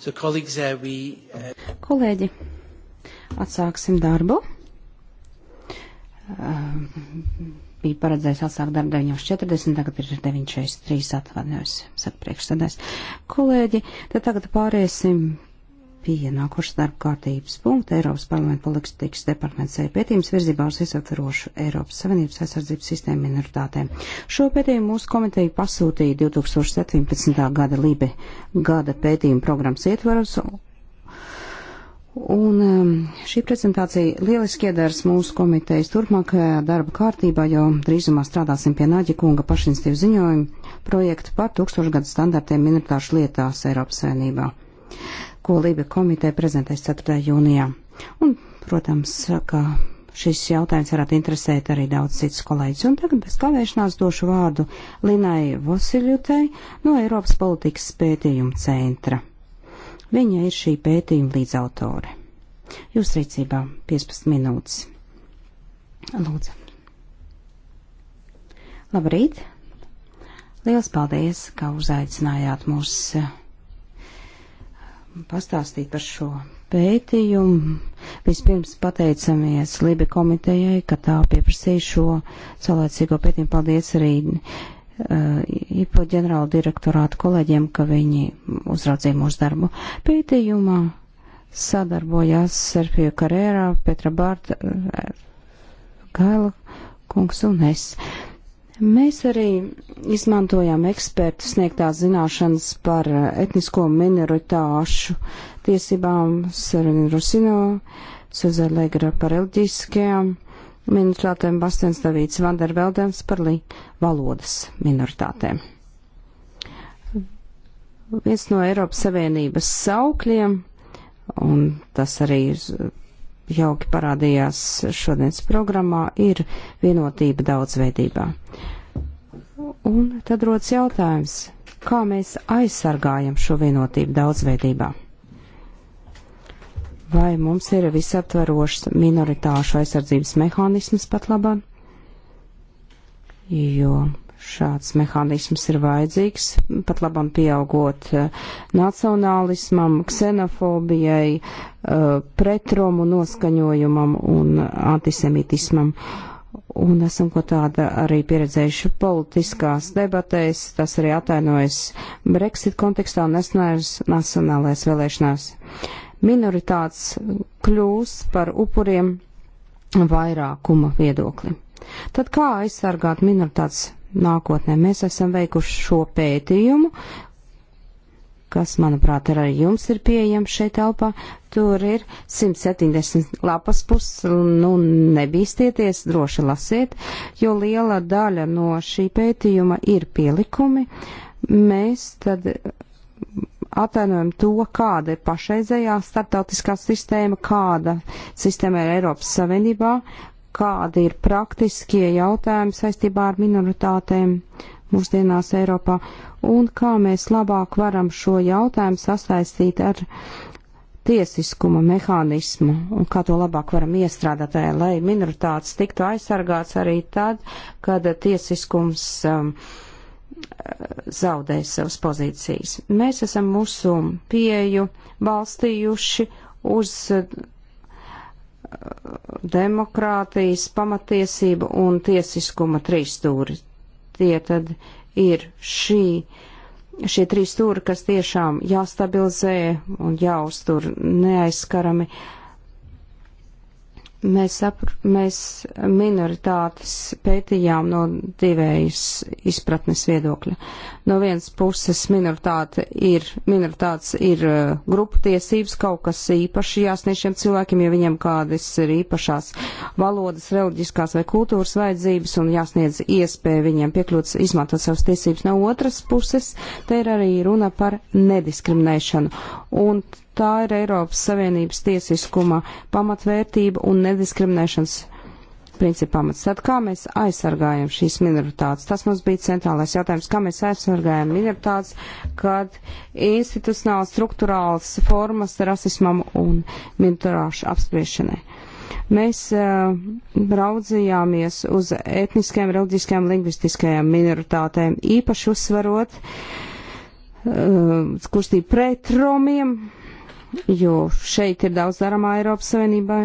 So colleagues, uh, we, uh... Kolēģi, atsāksim darbu. Uh, bija paredzējis atsākt darbu 9.40, tagad ir 9.63 atvainojos, saka priekšsēdājs. Kolēģi, tad tagad pāriesim pie nākošas darba kārtības punkta Eiropas parlamenta politikas departaments ir pētījums virzībā uz izatverošu Eiropas Savienības aizsardzības sistēmu minoritātēm. Šo pētījumu mūsu komiteja pasūtīja 2017. gada Libe gada pētījuma programmas ietvaros. Un um, šī prezentācija lieliski iedars mūsu komitejas turpmākajā darba kārtībā, jo drīzumā strādāsim pie Nāģa kunga pašinstīvu ziņojumu projektu par tūkstošgadu standartiem minoritāšu lietās Eiropas Savienībā ko Lība komiteja prezentēs 4. jūnijā. Un, protams, ka šis jautājums varētu interesēt arī daudz citus kolēģus. Un tagad bez kavēšanās došu vārdu Linai Vosiljutei no Eiropas politikas pētījuma centra. Viņa ir šī pētījuma līdzautore. Jūs rīcībā 15 minūtes. Lūdzu. Labrīt! Liels paldies, ka uzaicinājāt mūs pastāstīt par šo pētījumu. Vispirms pateicamies Libi komitejai, ka tā pieprasīja šo saulēcīgo pētījumu. Paldies arī uh, IPO ģenerāla direktorāta kolēģiem, ka viņi uzraudzīja mūsu darbu. Pētījumā sadarbojās Serpija Karērā, Petra Bārta, Gaila kungs un es. Uh, Mēs arī izmantojām ekspertu sniegtās zināšanas par eh, etnisko minoritāšu tiesībām Serena Rusino, Suzana Legra par reliģiskajām minoritātēm, Bastians Davīts Vanderveldens par li valodas minoritātēm. Viens no Eiropas Savienības saukļiem, un tas arī jauki parādījās šodienas programmā, ir vienotība daudzveidībā. Un tad rodas jautājums, kā mēs aizsargājam šo vienotību daudzveidībā? Vai mums ir visaptverošs minoritāšu aizsardzības mehānisms pat labāk? Jo šāds mehānisms ir vajadzīgs, pat labam pieaugot eh, nacionālismam, ksenofobijai, eh, pretromu noskaņojumam un antisemitismam. Un esam ko tāda arī pieredzējuši politiskās debatēs, tas arī atainojas Brexit kontekstā un nesanājas nacionālais vēlēšanās. Minoritāts kļūs par upuriem vairākuma viedokli. Tad kā aizsargāt minoritātes nākotnē. Mēs esam veikuši šo pētījumu, kas, manuprāt, arī jums ir pieejams šeit telpā. Tur ir 170 lapas puses, nu nebīsties, droši lasiet, jo liela daļa no šī pētījuma ir pielikumi. Mēs tad atainojam to, kāda ir pašreizējā starptautiskā sistēma, kāda sistēma ir Eiropas Savienībā, kādi ir praktiskie jautājumi saistībā ar minoritātēm mūsdienās Eiropā un kā mēs labāk varam šo jautājumu sasaistīt ar tiesiskuma mehānismu un kā to labāk varam iestrādāt, eh, lai minoritātes tiktu aizsargāts arī tad, kad tiesiskums um, zaudēs savas pozīcijas. Mēs esam mūsu pieju balstījuši uz demokrātijas, pamatiesība un tiesiskuma trīsstūri. Tie tad ir šī, šie trīs stūri, kas tiešām jāstabilizē un jāuztur neaizskarami. Uh, Mēs, apr, mēs minoritātes pētījām no divējas izpratnes viedokļa. No vienas puses minoritāte ir, minoritātes ir uh, grupu tiesības, kaut kas īpaši jāsniedz šiem cilvēkiem, ja viņiem kādas ir īpašās valodas, reliģiskās vai kultūras vajadzības un jāsniedz iespēja viņiem piekļūt, izmantot savas tiesības. No otras puses, te ir arī runa par nediskriminēšanu. Un Tā ir Eiropas Savienības tiesiskuma pamatvērtība un nediskriminēšanas principu pamats. Tad kā mēs aizsargājam šīs minoritātes? Tas mums bija centrālais jautājums, kā mēs aizsargājam minoritātes, kad institucionāls, struktūrāls formas rasismam un minoritāšu apspriešanai. Mēs uh, raudzījāmies uz etniskajām, reliģiskajām, lingvistiskajām minoritātēm, īpaši uzsvarot uh, eh, kustību pret romiem, jo šeit ir daudz darāmā Eiropas Savienībā.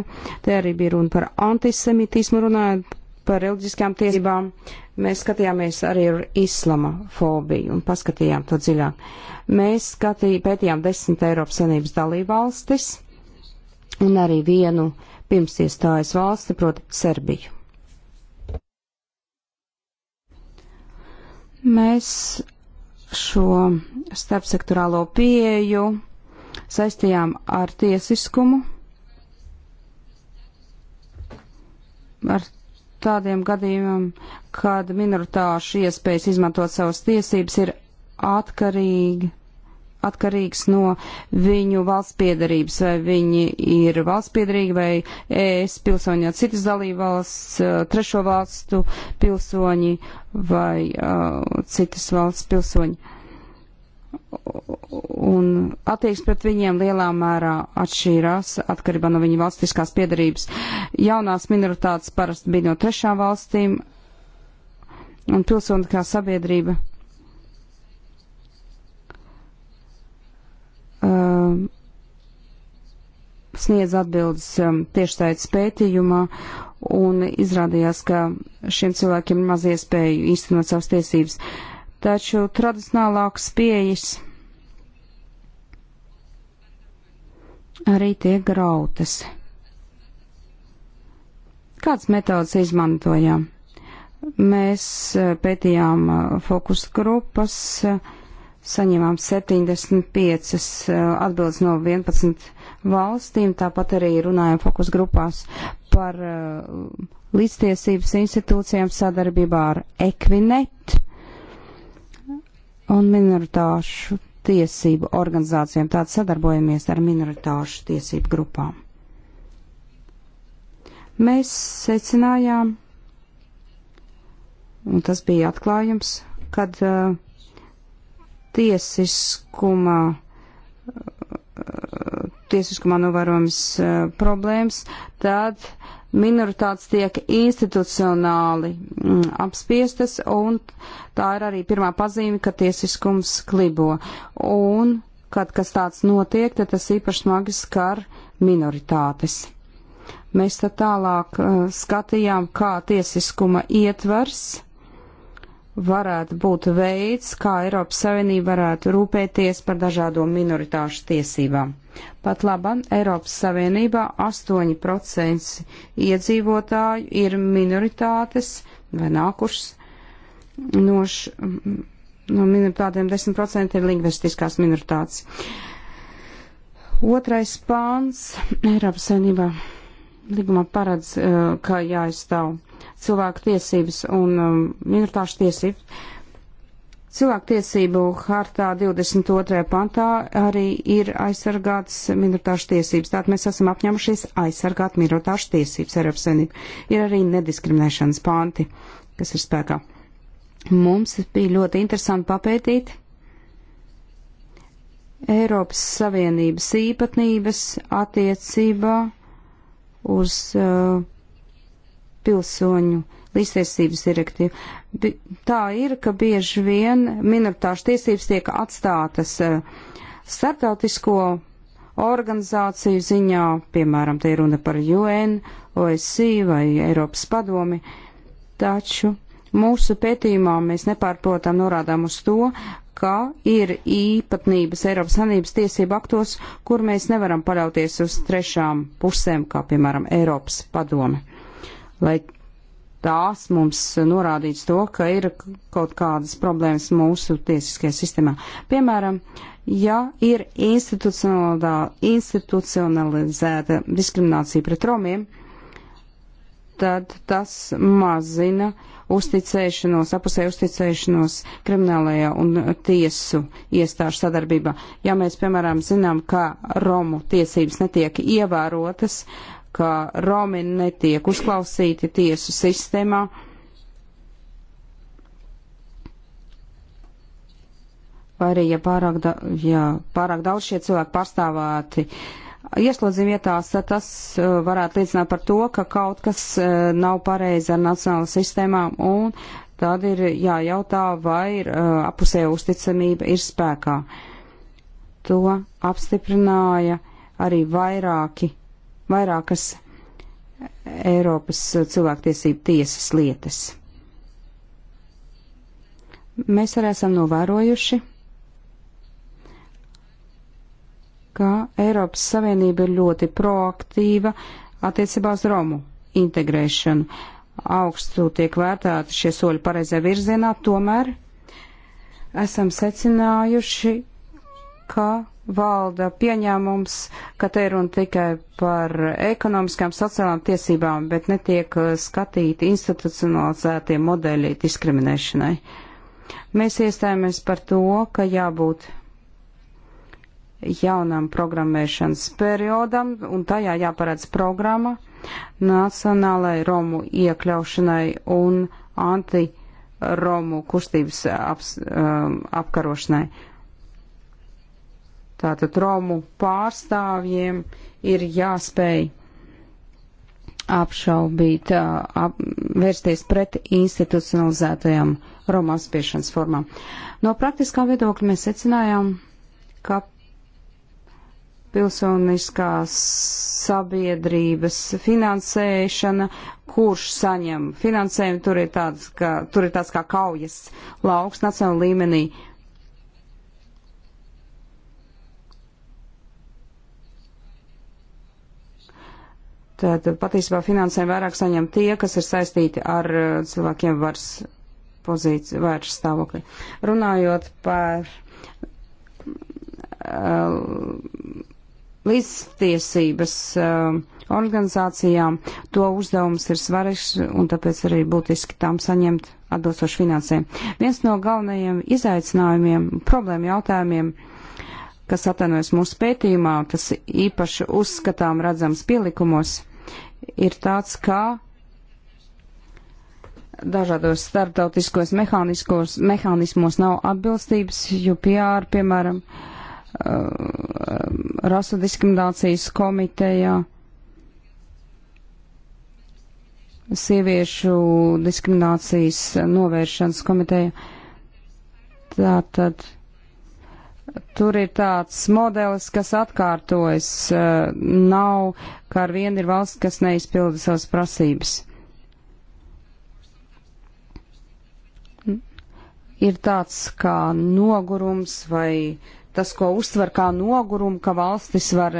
Te arī bija runa par antisemitismu, runājot par reliģiskām tiesībām. Mēs skatījāmies arī ar islama fobiju un paskatījām to dziļāk. Mēs skatī, pētījām desmit Eiropas Savienības dalībvalstis un arī vienu pirms iestājas valsti, proti Serbiju. Mēs šo starpsektorālo pieju saistījām ar tiesiskumu, ar tādiem gadījumiem, kad minoritāšu iespējas izmantot savas tiesības ir atkarīgi, atkarīgs no viņu valsts piedarības, vai viņi ir valsts piedarīgi, vai es pilsoņi no citas dalībvalsts, eh, trešo valstu pilsoņi vai uh, citas valsts pilsoņi un attieksme pret viņiem lielā mērā atšķīrās atkarībā no viņu valstiskās piedarības. Jaunās minoritātes parasti bija no trešām valstīm, un pilsoniskā sabiedrība um, sniedz atbildes um, tiešsaites pētījumā, un izrādījās, ka šiem cilvēkiem ir maz iespēju īstenot savas tiesības. Uh, taču tradicionālākas pieejas arī tiek grautas. Kāds metods izmantojām? Mēs eh, pētījām eh, fokus grupas, eh, saņemām 75 atbildes no 11 valstīm, tāpat arī runājam fokus grupās par līdztiesības institūcijām sadarbībā ar Equinet un minoritāšu tiesību organizācijām, tātad sadarbojamies ar minoritāšu tiesību grupām. Mēs secinājām, un tas bija atklājums, kad uh, tiesiskuma, uh, tiesiskuma novērojums uh, problēmas, tad uh, minoritātes tiek institucionāli mm, apspiestas, un tā ir arī pirmā pazīme, ka tiesiskums klibo. Un, kad kas tāds notiek, tad tas īpaši smagi skar minoritātes. Mēs tad tālāk uh, skatījām, kā tiesiskuma ietvers varētu būt veids, kā Eiropas Savienība varētu rūpēties par dažādo minoritāšu tiesībām. Pat laban Eiropas Savienībā 8% iedzīvotāju ir minoritātes vai nākušas no, š, no minoritātiem 10% ir lingvistiskās minoritātes. Otrais pāns Eiropas Savienībā līgumā paredz, eh, ka jāizstāv cilvēku tiesības un um, minoritāšu tiesības Cilvēktiesību hartā 22. pantā arī ir aizsargāts minoritāšu tiesības. Tātad mēs esam apņēmušies aizsargāt minoritāšu tiesības Eiropas Savienību. Ir arī nediskriminēšanas panti, kas ir spēkā. Mums bija ļoti interesanti papētīt Eiropas Savienības īpatnības attiecībā uz uh, pilsoņu līdztiesības direktīvu. Tā ir, ka bieži vien minoritāšu tiesības tiek atstātas eh, starptautisko organizāciju ziņā, piemēram, te ir runa par UN, OSC vai Eiropas padomi, taču mūsu pētījumā mēs nepārprotam norādām uz to, ka ir īpatnības Eiropas Sanības tiesību aktos, kur mēs nevaram paļauties uz trešām pusēm, kā piemēram Eiropas padome, lai tās mums norādīts to, ka ir kaut kādas problēmas mūsu tiesiskajā sistēmā. Piemēram, ja ir institucionalizēta diskriminācija pret romiem, tad tas mazina uzticēšanos, apusē uzticēšanos kriminālajā un tiesu iestāžu sadarbībā. Ja mēs, piemēram, zinām, ka Romu tiesības netiek ievērotas, ka Romi netiek uzklausīti tiesu sistēmā. Vai arī, ja pārāk, da, ja pārāk daudz šie cilvēki pārstāvāti ieslodzījuma vietās, tad tas uh, varētu liecināt par to, ka kaut kas uh, nav pareizi ar nacionālajām sistēmām, un tad ir jājautā, vai ir uh, apusēja uzticamība ir spēkā. To apstiprināja arī vairāki vairākas Eiropas cilvēktiesību tiesas lietas. Mēs arī esam novērojuši, ka Eiropas Savienība ir ļoti proaktīva attiecībā uz Romu integrēšanu. Augstu tiek vērtēti šie soļi pareizajā virzienā, tomēr esam secinājuši, ka valda pieņēmums, ka te ir runa tikai par ekonomiskām, sociālām tiesībām, bet netiek uh, skatīti institucionalizētie modeļi diskriminēšanai. Mēs iestājāmies par to, ka jābūt jaunam programmēšanas periodam, un tajā jāparedz programma nacionālai Romu iekļaušanai un anti-Romu kustības ap, um, apkarošanai. Tātad Romu pārstāvjiem ir jāspēj apšaubīt, ap, vērsties pret institucionalizētajām Romu apspiešanas formām. No praktiskā viedokļa mēs secinājām, ka pilsoniskās sabiedrības finansēšana, kurš saņem finansējumu, tur ir tāds, ka, tur ir tāds kā kaujas lauks nacionāla līmenī Tad patiesībā finansēm vairāk saņem tie, kas ir saistīti ar uh, cilvēkiem varas pozīciju, varas stāvokli. Runājot par uh, līdztiesības uh, organizācijām, to uzdevums ir svarīgs un tāpēc arī būtiski tām saņemt atbilstoši finansēm. Viens no galvenajiem izaicinājumiem, problēma jautājumiem, uh, kas atainojas mūsu pētījumā, tas īpaši uzskatām redzams pielikumos, ir tāds, kā dažādos starptautiskos mehānismos nav atbilstības, jo PR, piemēram, uh, rasu diskriminācijas komitejā, sieviešu diskriminācijas novēršanas komiteja. Tātad tur ir tāds modelis, kas atkārtojas, eh, nav, kā ar vienu ir valsts, kas neizpilda savas prasības. Ir tāds kā nogurums vai tas, ko uztver kā nogurumu, ka valstis var,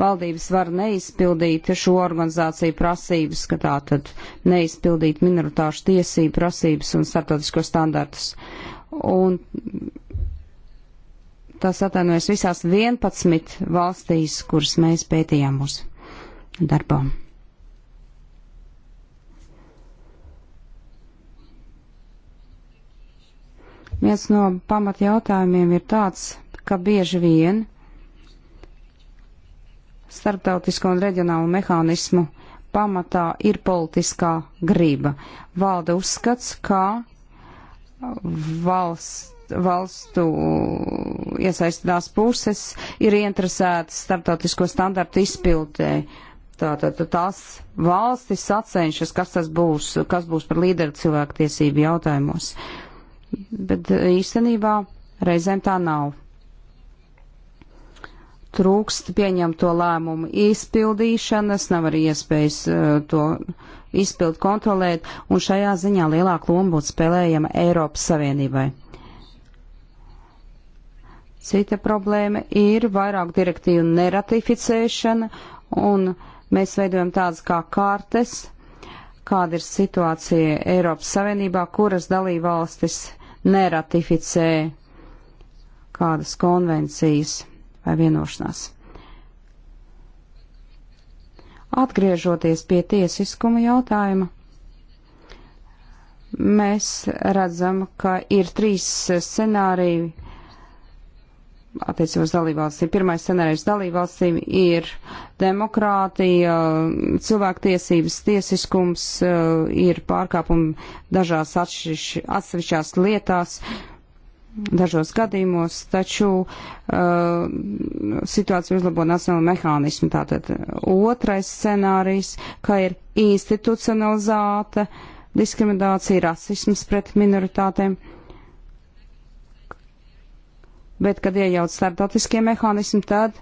valdības var neizpildīt šo organizāciju prasības, ka tā tad neizpildīt minoritāšu tiesību prasības un startautisko standartus. Un tas atainojas visās 11 valstīs, kuras mēs pētījām uz darbām. Viens no pamatjautājumiem ir tāds, ka bieži vien starptautisko un reģionālu mehānismu pamatā ir politiskā grība. Valda uzskats, ka valsts valstu iesaistītās puses ir interesētas starptautisko standartu izpildē. Tātad tās valstis sacenšas, kas tas būs, kas būs par līderu cilvēktiesību jautājumos. Bet īstenībā reizēm tā nav. Trūkst pieņemto lēmumu izpildīšanas, nav arī iespējas uh, to izpildu kontrolēt, un šajā ziņā lielāka loma būtu spēlējama Eiropas Savienībai. Cita problēma ir vairāk direktīvu neratificēšana, un mēs veidojam tādas kā kārtas, kāda ir situācija Eiropas Savienībā, kuras dalībvalstis neratificē kādas konvencijas vai vienošanās. Atgriežoties pie tiesiskuma jautājuma, mēs redzam, ka ir trīs scenāriji attiecībā uz dalībvalstīm. Pirmais scenārijs dalībvalstīm ir demokrātija, cilvēktiesības, tiesiskums, eh, ir pārkāpumi dažās atsevišķās lietās, dažos gadījumos, taču uh, situācija uzlabo nacionālu mehānismu. Tātad otrais scenārijs, ka ir institucionalizēta diskriminācija, rasisms pret minoritātēm. Uh, bet, kad iejauc startautiskie mehānismi, tad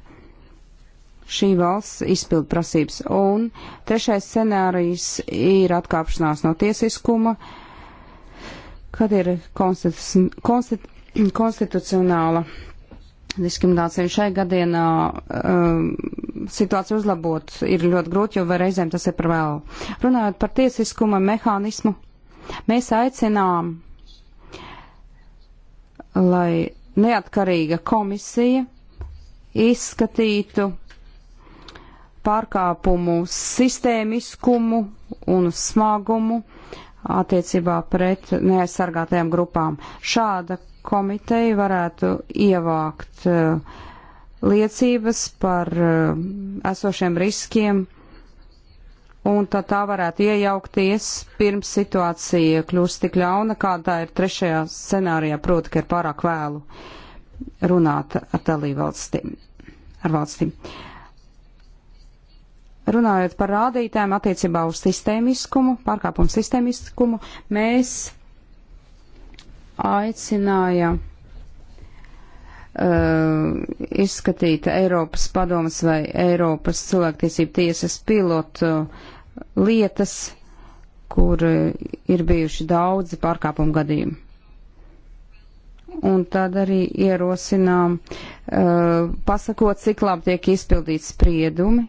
šī valsts izpild prasības. Un trešais scenārijs ir atkāpšanās no tiesiskuma, kad ir konstitu, konstitu, konstitucionāla diskriminācija. Šai gadienā um, situācija uzlabot ir ļoti grūti, jo reizēm tas ir par vēlu. Runājot par tiesiskuma mehānismu, mēs aicinām, lai neatkarīga komisija izskatītu pārkāpumu sistēmiskumu un smagumu attiecībā pret neaizsargātajām grupām. Šāda komiteja varētu ievākt eh, liecības par eh, esošiem riskiem un tad tā varētu iejaukties pirms situācija kļūst tik ļauna, kā tā ir trešajā scenārijā, proti, ka ir pārāk vēlu runāt ar dalību valstīm. Ar valstīm. Runājot par rādītājiem attiecībā uz sistēmiskumu, pārkāpumu sistēmiskumu, mēs aicinājām Uh, izskatīta Eiropas padomas vai Eiropas cilvēktiesību tiesas pilotu uh, lietas, kur uh, ir bijuši daudzi pārkāpumu gadījumi. Un tad arī ierosinām, uh, pasakot, cik labi tiek izpildīti spriedumi,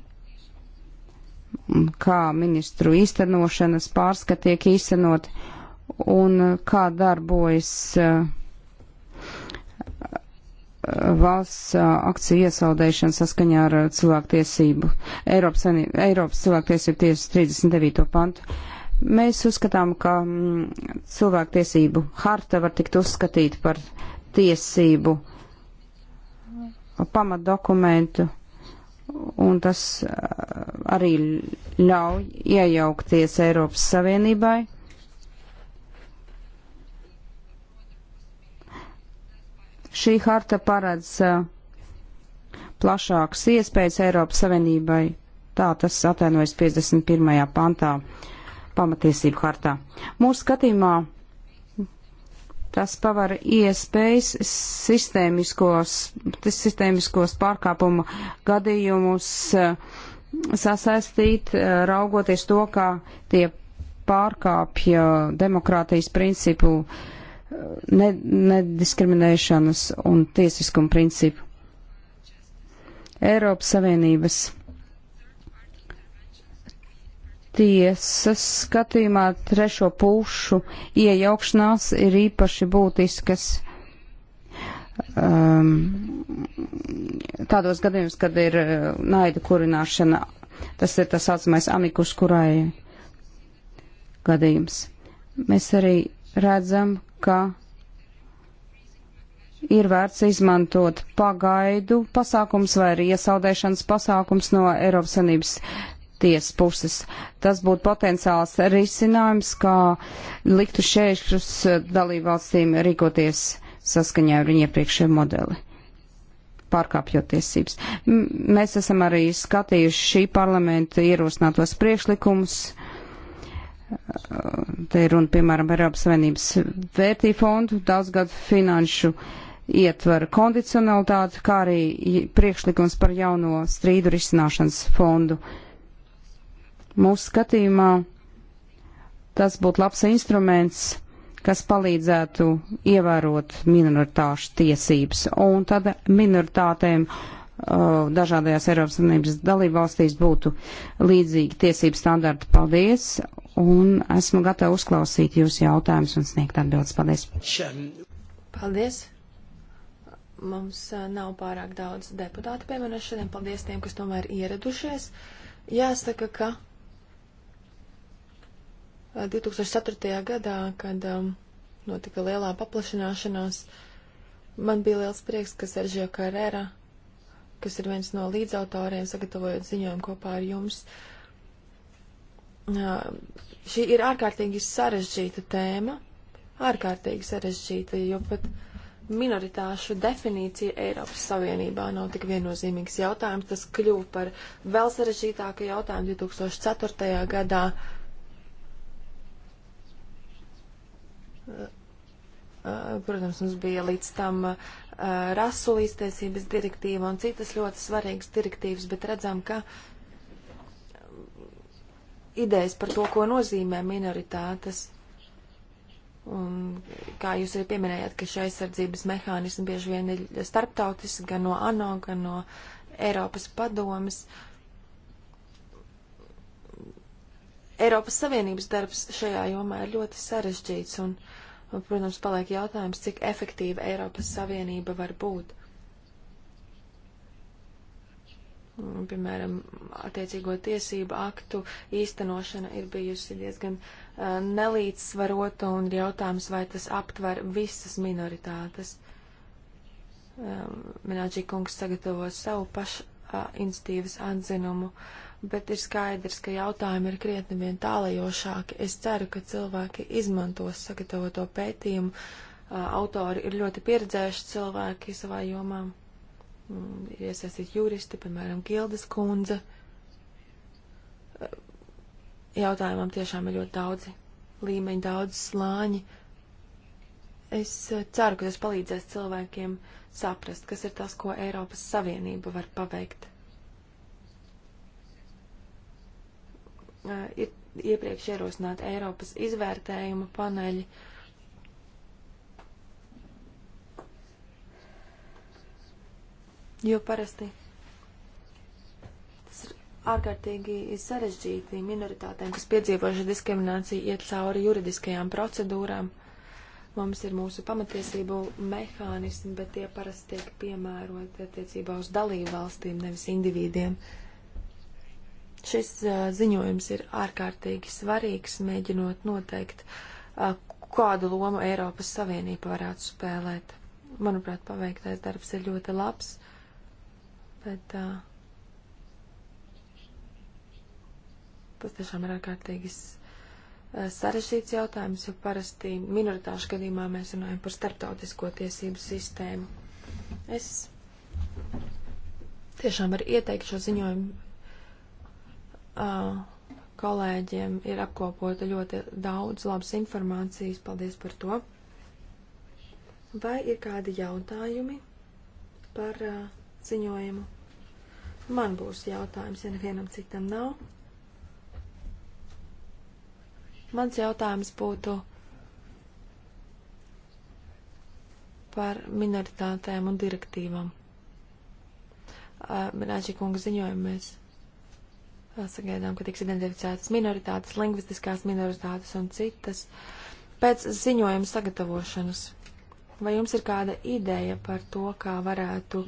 kā ministru īstenošanas pārskat tiek īstenot un kā darbojas uh, valsts akciju iesaldēšana saskaņā ar cilvēktiesību, Eiropas, Eiropas cilvēktiesību tiesas 39. pantu. Mēs uzskatām, ka mm, cilvēktiesību harta var tikt uzskatīt par tiesību pamatdokumentu, un tas arī ļauj iejaukties Eiropas Savienībai Šī harta paredz eh, plašākas iespējas Eiropas Savienībai. Tā tas atainojas 51. pantā pamatiesību hartā. Mūsu skatījumā tas pavar iespējas sistēmiskos, sistēmiskos pārkāpumu gadījumus eh, sasaistīt, eh, raugoties to, kā tie pārkāpja demokrātijas principu uh, nediskriminēšanas un tiesiskuma principu. Eiropas Savienības tiesas skatījumā trešo pušu iejaukšanās ir īpaši būtiskas um, tādos gadījumos, kad ir uh, naida kurināšana. Tas ir tas saucamais amikus kurai gadījums. Mēs arī redzam, ka ir vērts izmantot pagaidu pasākums vai arī iesaldēšanas pasākums no Eiropas Sanības tiesas puses. Tas būtu potenciāls risinājums, kā liktu šķēršļus dalībvalstīm rīkoties saskaņā ar viņu iepriekšējo modeli pārkāpjot tiesības. M mēs esam arī skatījuši šī parlamenta ierosinātos priekšlikumus, uh, Te ir runa, piemēram, par Eiropas Savienības vērtību fondu, daudzgadu finanšu ietvaru kondicionalitāti, kā arī priekšlikums par jauno strīdu risināšanas fondu. Mūsu skatījumā tas būtu labs instruments, kas palīdzētu ievērot minoritāšu tiesības un tad minoritātēm uh, Uh, dažādajās Eiropas Savienības dalībvalstīs būtu līdzīgi tiesību standarti. Paldies! Un esmu gatava uzklausīt jūsu jautājumus un sniegt atbildes. Paldies! Paldies! Mums uh, nav pārāk daudz deputātu pieminēt šodien. Paldies tiem, kas tomēr ieradušies. Jāsaka, ka 2004. Uh, gadā, kad um, notika lielā paplašināšanās, man bija liels prieks, ka Seržio Karēra kas ir viens no līdzautoriem, sagatavojot ziņojumu kopā ar jums. Šī ir ārkārtīgi sarežģīta tēma, ārkārtīgi sarežģīta, jo pat minoritāšu definīcija Eiropas Savienībā nav tik viennozīmīgs jautājums. Tas kļuva par vēl sarežģītāku jautājumu 2004. gadā. Protams, mums bija līdz tam uh, Uh, rasu līdztiesības direktīva un citas ļoti svarīgas direktīvas, bet redzam, ka idejas par to, ko nozīmē minoritātes, un kā jūs arī pieminējāt, ka šie aizsardzības mehānismi bieži vien ir starptautiski gan no ANO, gan no Eiropas padomas. Eiropas Savienības darbs šajā jomā ir ļoti sarežģīts, un uh, Un, protams, paliek jautājums, cik efektīva Eiropas Savienība var būt. Un, piemēram, attiecīgo tiesību aktu īstenošana ir bijusi diezgan uh, nelīdzsvarota un ir jautājums, vai tas aptver visas minoritātes. Um, Mināģī kungs sagatavo savu pašu uh, institīvas atzinumu. Uh, bet ir skaidrs, ka jautājumi ir krietni vien tālajošāki. Es ceru, ka cilvēki izmantos sagatavoto pētījumu. Autori ir ļoti pieredzējuši cilvēki savā jomā. Mm, Iesaistīt juristi, piemēram, Gildas kundze. Jautājumam tiešām ir ļoti daudzi līmeņi, daudz slāņi. Es ceru, ka tas palīdzēs cilvēkiem saprast, kas ir tas, ko Eiropas Savienība var paveikt ir iepriekš ierosināta Eiropas izvērtējuma paneļi. Jo parasti tas ir ārkārtīgi sarežģīti minoritātēm, kas piedzīvojuši diskrimināciju, iet cauri juridiskajām procedūrām. Mums ir mūsu pamatiesību mehānismi, bet tie parasti tiek piemēroti attiecībā uz dalību valstīm, nevis individiem. Uh, Šis ziņojums ir ārkārtīgi svarīgs, mēģinot noteikt, kādu lomu Eiropas Savienība varētu spēlēt. Manuprāt, paveiktais darbs ir ļoti labs, bet tas tiešām ir ārkārtīgi sarežģīts jautājums, jo parasti minoritāšu gadījumā mēs runājam par starptautisko tiesību sistēmu. Es tiešām varu ieteikt šo ziņojumu uh, kolēģiem ir apkopota ļoti daudz labas informācijas. Paldies par to. Vai ir kādi jautājumi par uh, ziņojumu? Man būs jautājums, ja nevienam citam nav. Mans jautājums būtu par minoritātēm un direktīvām. Uh, Minēķi kunga ziņojumu mēs Sagaidām, ka tiks identificētas minoritātes, lingvistiskās minoritātes un citas. Pēc ziņojuma sagatavošanas, vai jums ir kāda ideja par to, kā varētu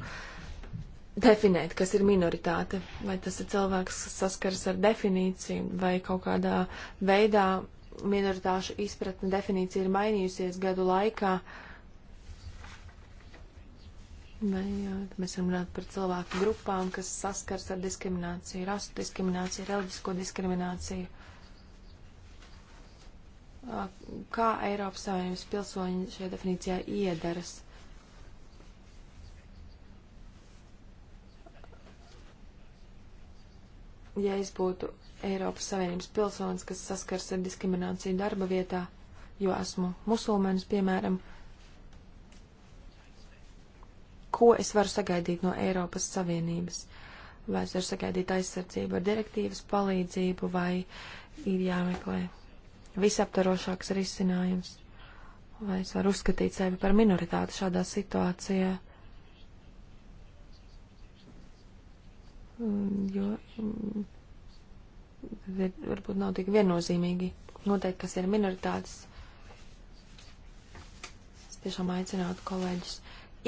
definēt, kas ir minoritāte? Vai tas ir cilvēks, kas saskaras ar definīciju, vai kaut kādā veidā minoritāšu izpratne definīcija ir mainījusies gadu laikā? Uh, Vai mēs varam runāt par cilvēku grupām, kas saskars ar diskrimināciju, rasu diskrimināciju, reliģisko diskrimināciju? Kā Eiropas Savienības pilsoņi šajā definīcijā iedaras? Ja es būtu Eiropas Savienības pilsonis, kas saskars ar diskrimināciju darba vietā, jo esmu musulmanis, piemēram, uh, ko es varu sagaidīt no Eiropas Savienības. Vai es varu sagaidīt aizsardzību ar direktīvas palīdzību, vai ir jāmeklē visaptarošāks risinājums, vai es varu uzskatīt sevi par minoritāti šādā situācijā. Mm, jo mm, varbūt nav tik viennozīmīgi noteikti, kas ir minoritātes. Es tiešām aicinātu kolēģis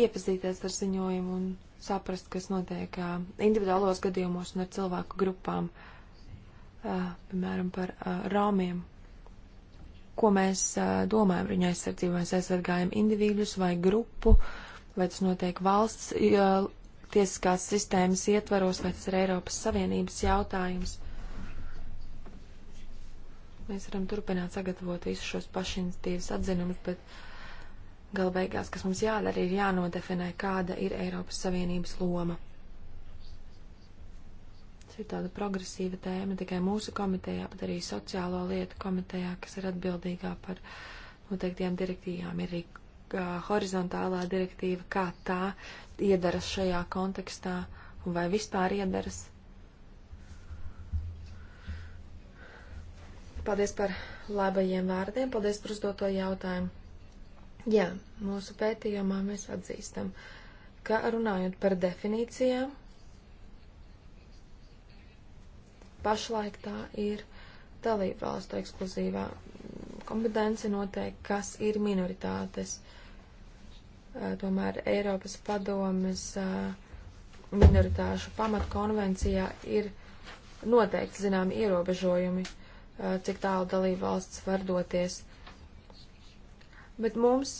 iepazīties ar ziņojumu un saprast, kas notiek uh, individuālos gadījumos un ar cilvēku grupām, uh, piemēram, par uh, rāmiem. Ko mēs uh, domājam par viņa aizsardzību? Vai mēs aizsargājam individus vai grupu, vai tas notiek valsts uh, tiesiskās sistēmas ietvaros, vai tas ir Eiropas Savienības jautājums. Mēs varam turpināt sagatavot visus šos pašinicitīvas atzinumus, bet uh, Galu beigās, kas mums jādara, ir jānodefinē, kāda ir Eiropas Savienības loma. Tas ir tāda progresīva tēma ne tikai mūsu komitejā, bet arī sociālo lietu komitejā, kas ir atbildīgā par noteiktiem direktīvām. Ir arī horizontālā direktīva, kā tā iedaras šajā kontekstā un vai vispār iedaras. Paldies par labajiem vārdiem, paldies par uzdoto jautājumu. Jā, mūsu pētījumā mēs atzīstam, ka runājot par definīcijām, pašlaik tā ir dalību valstu ekskluzīvā kompetence noteikti, kas ir minoritātes. Tomēr Eiropas padomes minoritāšu pamatkonvencijā ir noteikti zinām ierobežojumi, cik tālu dalību valsts var doties. Uh, Bet mums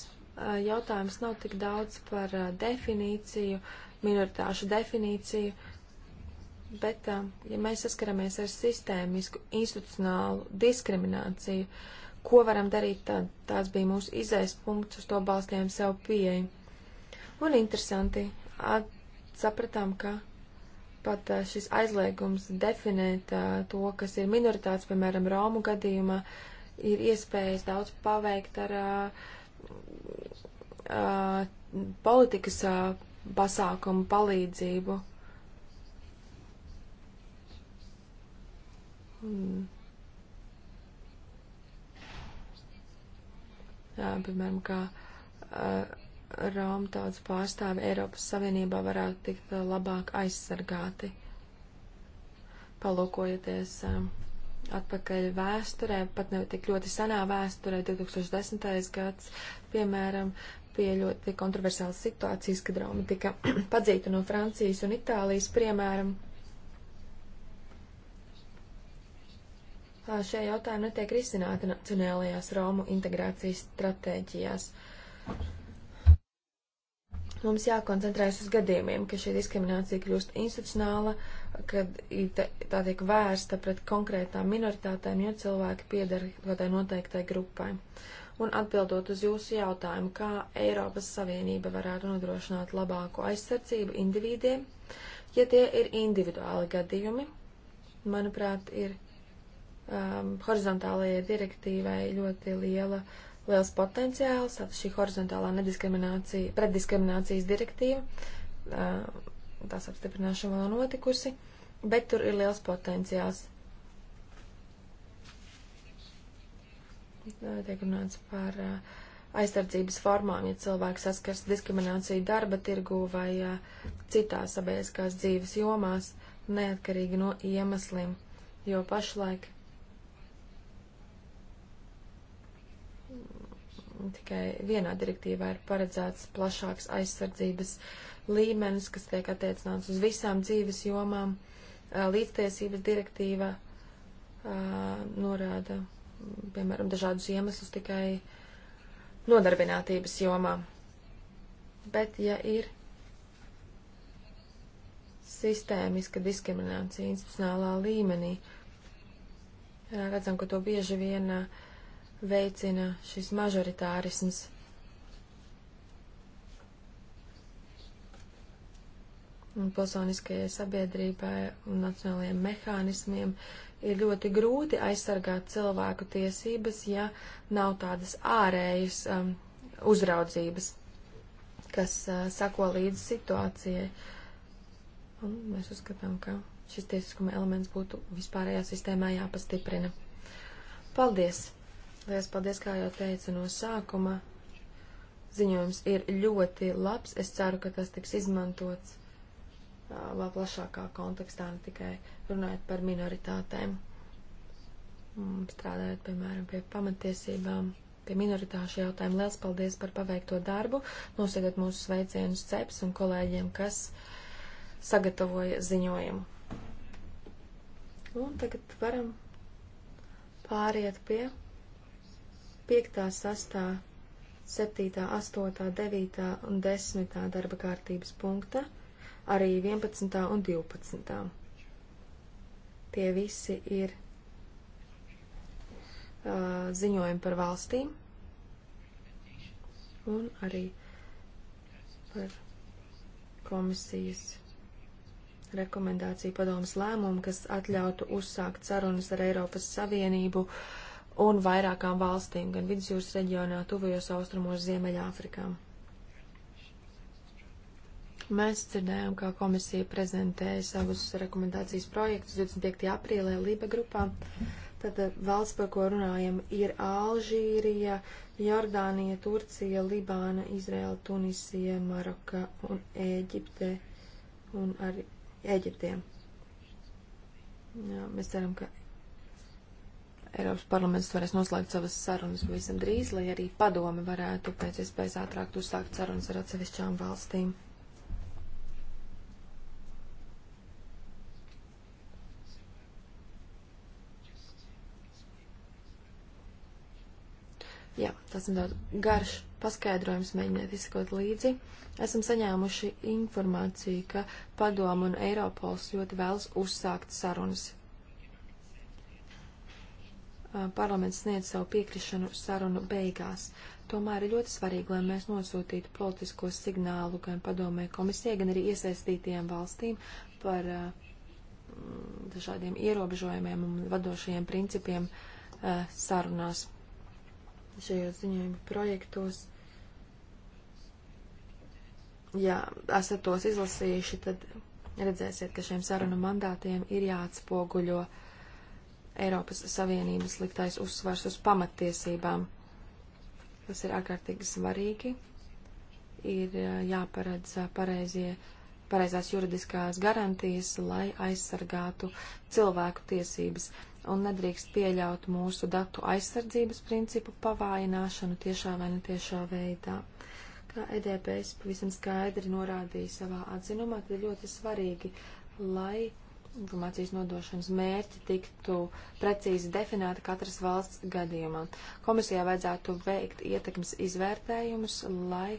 jautājums nav tik daudz par definīciju, minoritāšu definīciju, bet ja mēs saskaramies ar sistēmisku institucionālu diskrimināciju, ko varam darīt, tad tāds bija mūsu izaisa punkts, uz to balstījām sev pieeju. Un interesanti, at, sapratām, ka pat šis aizliegums definēt to, kas ir minoritāts, piemēram, Romu gadījumā, uh, ir iespējas daudz paveikt ar uh, politikas uh, pasākumu palīdzību. Hmm. Jā, piemēram, kā uh, Roma tautas pārstāvi Eiropas Savienībā varētu tikt labāk aizsargāti. Palūkojieties. Uh, atpakaļ vēsturē, pat ne tik ļoti senā vēsturē, 2010. gads, piemēram, pie ļoti kontroversiālas situācijas, kad Roma tika padzīta no Francijas un Itālijas, piemēram. Šie jautājumi netiek risināti nacionālajās Romu integrācijas stratēģijās. Mums jākoncentrējas uz gadījumiem, ka šī diskriminācija kļūst institucionāla, uh, kad tā tiek vērsta pret konkrētām minoritātēm, ja cilvēki pieder kādai noteiktai grupai. Un atbildot uz jūsu jautājumu, kā Eiropas Savienība varētu nodrošināt labāku aizsardzību individiem, ja tie ir individuāli gadījumi, manuprāt, ir um, horizontālajai direktīvai ļoti liela, liels potenciāls, tātad šī horizontālā nediskriminācija, preddiskriminācijas direktīva. Um, tās apstiprināšana vēl notikusi, bet tur ir liels potenciāls. Tiek runāts par aizsardzības formām, ja cilvēks saskars diskrimināciju darba tirgu vai citās sabiedriskās dzīves jomās, neatkarīgi no iemesliem, jo pašlaik Tikai vienā direktīvā ir paredzēts plašāks aizsardzības līmenis, kas tiek attiecināts uz visām dzīves jomām. Līdztiesības direktīva norāda, piemēram, dažādus iemeslus tikai nodarbinātības jomā. Bet, ja ir sistēmiska diskriminācija institucionālā līmenī, redzam, ka to bieži vien uh, veicina šis mažoritārisms. Un pilsoniskajai sabiedrībai un nacionālajiem mehānismiem ir ļoti grūti aizsargāt cilvēku tiesības, ja nav tādas ārējas um, uzraudzības, kas uh, sako līdzi situācijai. Un mēs uzskatām, ka šis tiesiskuma elements būtu vispārējā sistēmā jāpastiprina. Paldies! Lielas paldies, kā jau teicu no sākuma. Ziņojums ir ļoti labs. Es ceru, ka tas tiks izmantots vēl plašākā kontekstā, ne tikai runājot par minoritātēm. Mm, strādājot, piemēram, pie pamatiesībām, pie minoritāšu jautājumu. Lielas paldies par paveikto darbu. Nosiegat mūsu sveicienus ceps un kolēģiem, kas sagatavoja ziņojumu. Un tagad varam pāriet pie 5., 6., 7., 8., 9. un 10. darba kārtības punkta, arī 11. un 12. Tie visi ir uh, ziņojumi par valstīm un arī par komisijas rekomendāciju padomas lēmumu, kas atļautu uzsākt sarunas ar Eiropas Savienību uh, un vairākām valstīm, gan vidusjūras reģionā, tuvajos austrumos, Ziemeļāfrikā. Mēs dzirdējām, kā komisija prezentēja savus rekomendācijas projektus 25. aprīlē Lība grupā. Tad eh, valsts, par ko runājam, ir Alžīrija, Jordānija, Turcija, Libāna, Izraela, Tunisija, Maroka un Ēģipte. Un arī Ēģiptiem. Jā, mēs ceram, ka Eiropas parlaments varēs noslēgt savas sarunas pavisam drīz, lai arī padome varētu pēc iespējas ātrāk uzsākt sarunas ar atsevišķām valstīm. Jā, tas ir daudz garš paskaidrojums, mēģiniet izskot līdzi. Esam saņēmuši informāciju, ka padomu un Eiropols ļoti vēlas uzsākt sarunas Eh, parlaments sniedz savu piekrišanu sarunu beigās. Tomēr ir ļoti svarīgi, lai mēs nosūtītu politisko signālu gan padomē komisijai, gan arī iesaistītajām valstīm par eh, dažādiem ierobežojumiem un vadošajiem principiem eh, sarunās šajos ziņojumu projektos. Ja esat tos izlasījuši, tad redzēsiet, ka šiem sarunu mandātiem ir jāatspoguļo uh, Eiropas Savienības liktais uzsvars uz pamattiesībām. Tas ir ārkārtīgi svarīgi. Ir eh, jāparedz eh, pareizie, pareizās juridiskās garantijas, lai aizsargātu cilvēku tiesības. Un nedrīkst pieļaut mūsu datu aizsardzības principu pavājināšanu tiešā vai netiešā veidā. Kā EDPS pavisam skaidri norādīja savā atzinumā, tad ir ļoti svarīgi, lai uh, informācijas nodošanas mērķi tiktu precīzi definēti katras valsts gadījumā. Komisijā vajadzētu veikt ietekmes izvērtējumus, lai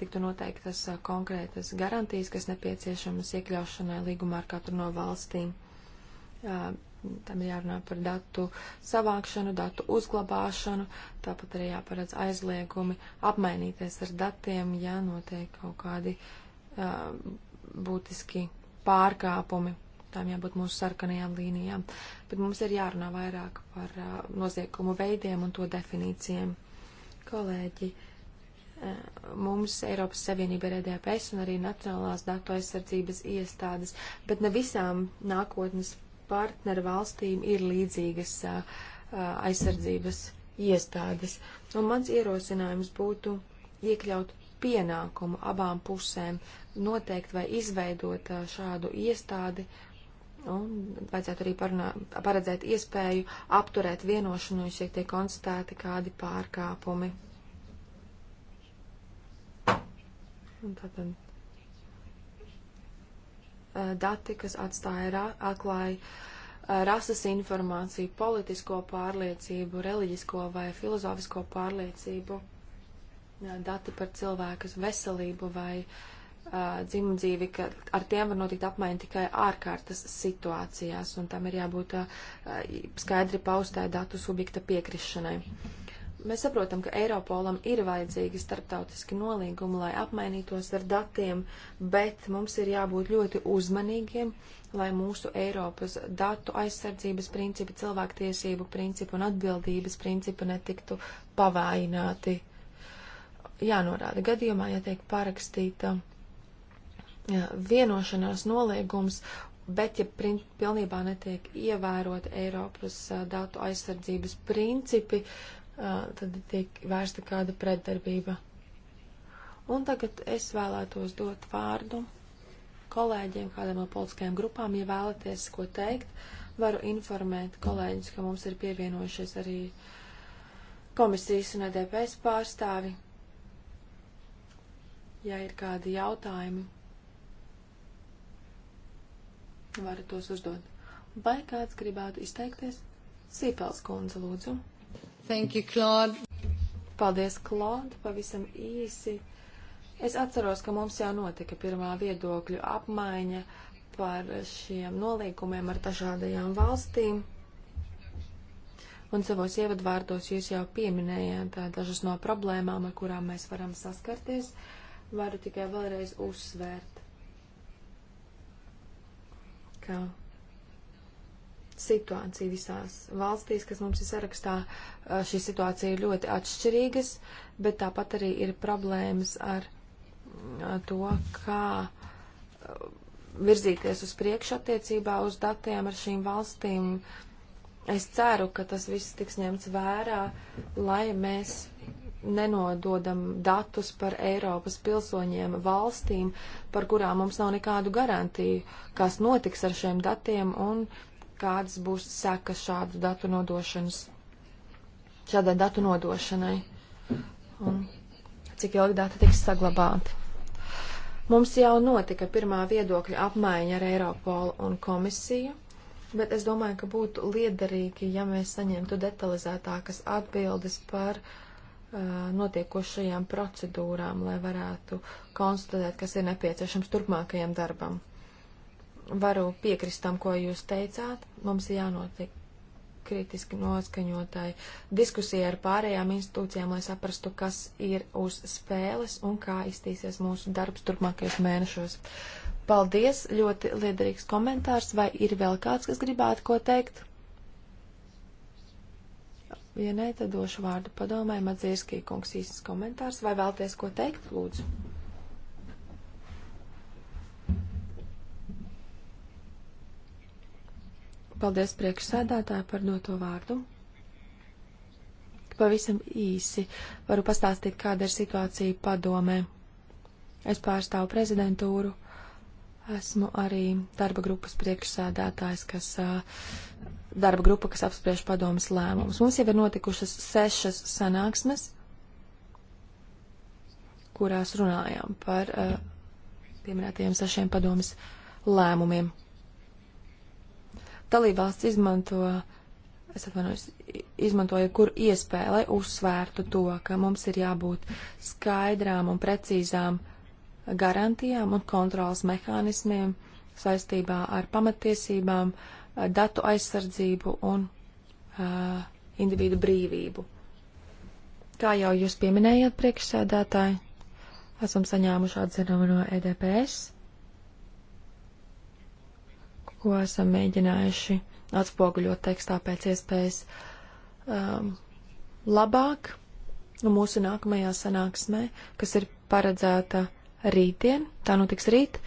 tiktu noteiktas uh, konkrētas garantijas, kas nepieciešamas iekļaušanai līgumā ar katru no valstīm. Uh, tam ir jārunā par datu savākšanu, datu uzglabāšanu, tāpat arī jāparedz aizliegumi apmainīties ar datiem, ja notiek kaut kādi uh, būtiski pārkāpumi tām jābūt mūsu sarkanajām līnijām, bet mums ir jārunā vairāk par uh, noziegumu veidiem un to definīcijiem. Kolēģi, uh, mums Eiropas Savienība ir EDPS un arī Nacionālās datu aizsardzības iestādes, bet ne visām nākotnes partneru valstīm ir līdzīgas uh, aizsardzības iestādes. Un mans ierosinājums būtu iekļaut pienākumu abām pusēm noteikt vai izveidot šādu iestādi, Un vajadzētu arī parunā, paredzēt iespēju apturēt vienošanos, ja tiek konstatēti kādi pārkāpumi. Un tātad um, uh, dati, kas atstāja, ra, atklāja uh, rasas informāciju, politisko pārliecību, reliģisko vai filozofisko pārliecību, uh, dati par cilvēkas veselību vai uh, dzimumu dzīvi, ka ar tiem var notikt apmaiņa tikai ārkārtas situācijās, un tam ir jābūt skaidri paustai datu subjekta piekrišanai. Mēs saprotam, ka Eiropolam ir vajadzīgi starptautiski nolīgumi, lai apmainītos ar datiem, bet mums ir jābūt ļoti uzmanīgiem, lai mūsu Eiropas datu aizsardzības principi, cilvēktiesību principi un atbildības principi netiktu pavājināti. Jānorāda gadījumā, ja tiek parakstīta vienošanās noliegums, bet ja print, pilnībā netiek ievērot Eiropas uh, datu aizsardzības principi, uh, tad tiek vērsta kāda pretdarbība. Un tagad es vēlētos dot vārdu kolēģiem, kādām no politiskajām grupām, ja vēlaties ko teikt. Varu informēt kolēģis, ka mums ir pievienojušies arī komisijas un EDPS pārstāvi. Ja ir kādi jautājumi, varu tos uzdot. Vai kāds gribētu izteikties? Sīpels kundze, lūdzu. Thank you, Claude. Paldies, Claude, pavisam īsi. Es atceros, ka mums jau notika pirmā viedokļu apmaiņa par šiem nolīkumiem ar dažādajām valstīm. Un savos ievadvārdos jūs jau pieminējāt dažas no problēmām, ar kurām mēs varam saskarties. Varu tikai vēlreiz uzsvērt, situācija visās valstīs, kas mums ir sarakstā. Šī situācija ir ļoti atšķirīgas, bet tāpat arī ir problēmas ar to, kā virzīties uz priekšu attiecībā uz datiem ar šīm valstīm. Es ceru, ka tas viss tiks ņemts vērā, lai mēs nenododam datus par Eiropas pilsoņiem valstīm, par kurām mums nav nekādu garantiju, kas notiks ar šiem datiem un kādas būs sekas šādu datu nodošanas, šādai datu nodošanai un cik ilgi dati tiks saglabāti. Mums jau notika pirmā viedokļa apmaiņa ar Eiropolu un komisiju, bet es domāju, ka būtu liederīgi, ja mēs saņemtu detalizētākas atbildes par uh, notiekošajām procedūrām, lai varētu konstatēt, kas ir nepieciešams turpmākajam darbam. Varu piekrist tam, ko jūs teicāt. Mums jānotiek kritiski noskaņotai diskusijai ar pārējām institūcijām, lai saprastu, kas ir uz spēles un kā iztīsies mūsu darbs turpmākajos mēnešos. Paldies! Ļoti liederīgs komentārs. Vai ir vēl kāds, kas gribētu ko teikt? Ja nē, tad došu vārdu padomai Madzirskī kungs īsts komentārs. Vai vēlties ko teikt, lūdzu? Paldies priekšsēdētāji par doto vārdu. Pavisam īsi varu pastāstīt, kāda ir situācija padomē. Es pārstāvu prezidentūru. Esmu arī darba grupas priekšsēdētājs, kas uh, darba grupa, kas apspriež padomas lēmumus. Mums jau ir notikušas sešas sanāksmes, kurās runājām par uh, pieminētajiem sešiem padomas lēmumiem. Dalībvalsts izmanto, es atvainojos, izmantoja kur iespēju, lai uzsvērtu to, ka mums ir jābūt skaidrām un precīzām garantijām un kontrolas mehānismiem saistībā ar pamatiesībām, uh, Eh, datu aizsardzību un uh, individu brīvību. Kā jau jūs pieminējāt, priekšsēdētāji, esam saņēmuši atzinumu no EDPS, ko esam mēģinājuši atspoguļot tekstā pēc iespējas um, labāk mūsu nākamajā sanāksmē, kas ir paredzēta rītdien, tā notiks rīt.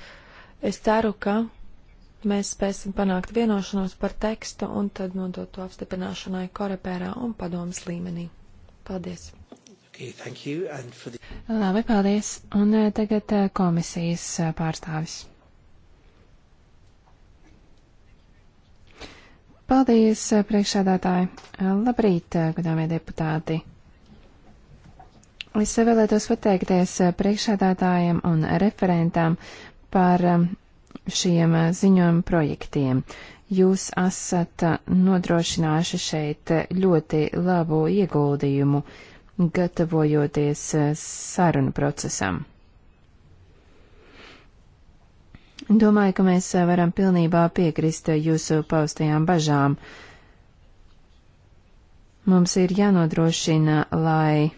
Es ceru, ka mēs spēsim panākt vienošanos par tekstu un tad nodot to apstiprināšanai korepērā un padomas līmenī. Paldies! Okay, the... Labi, paldies. Un eh, tagad eh, komisijas eh, pārstāvis. Paldies, priekšsēdētāji. Labrīt, godāmie deputāti. Es vēlētos pateikties priekšsēdētājiem un referentam par šiem eh, ziņojuma projektiem. Jūs esat eh, nodrošinājuši šeit eh, ļoti labu ieguldījumu, gatavojoties sarunu procesam. Domāju, ka mēs varam pilnībā piekrist jūsu paustajām bažām. Mums ir jānodrošina, lai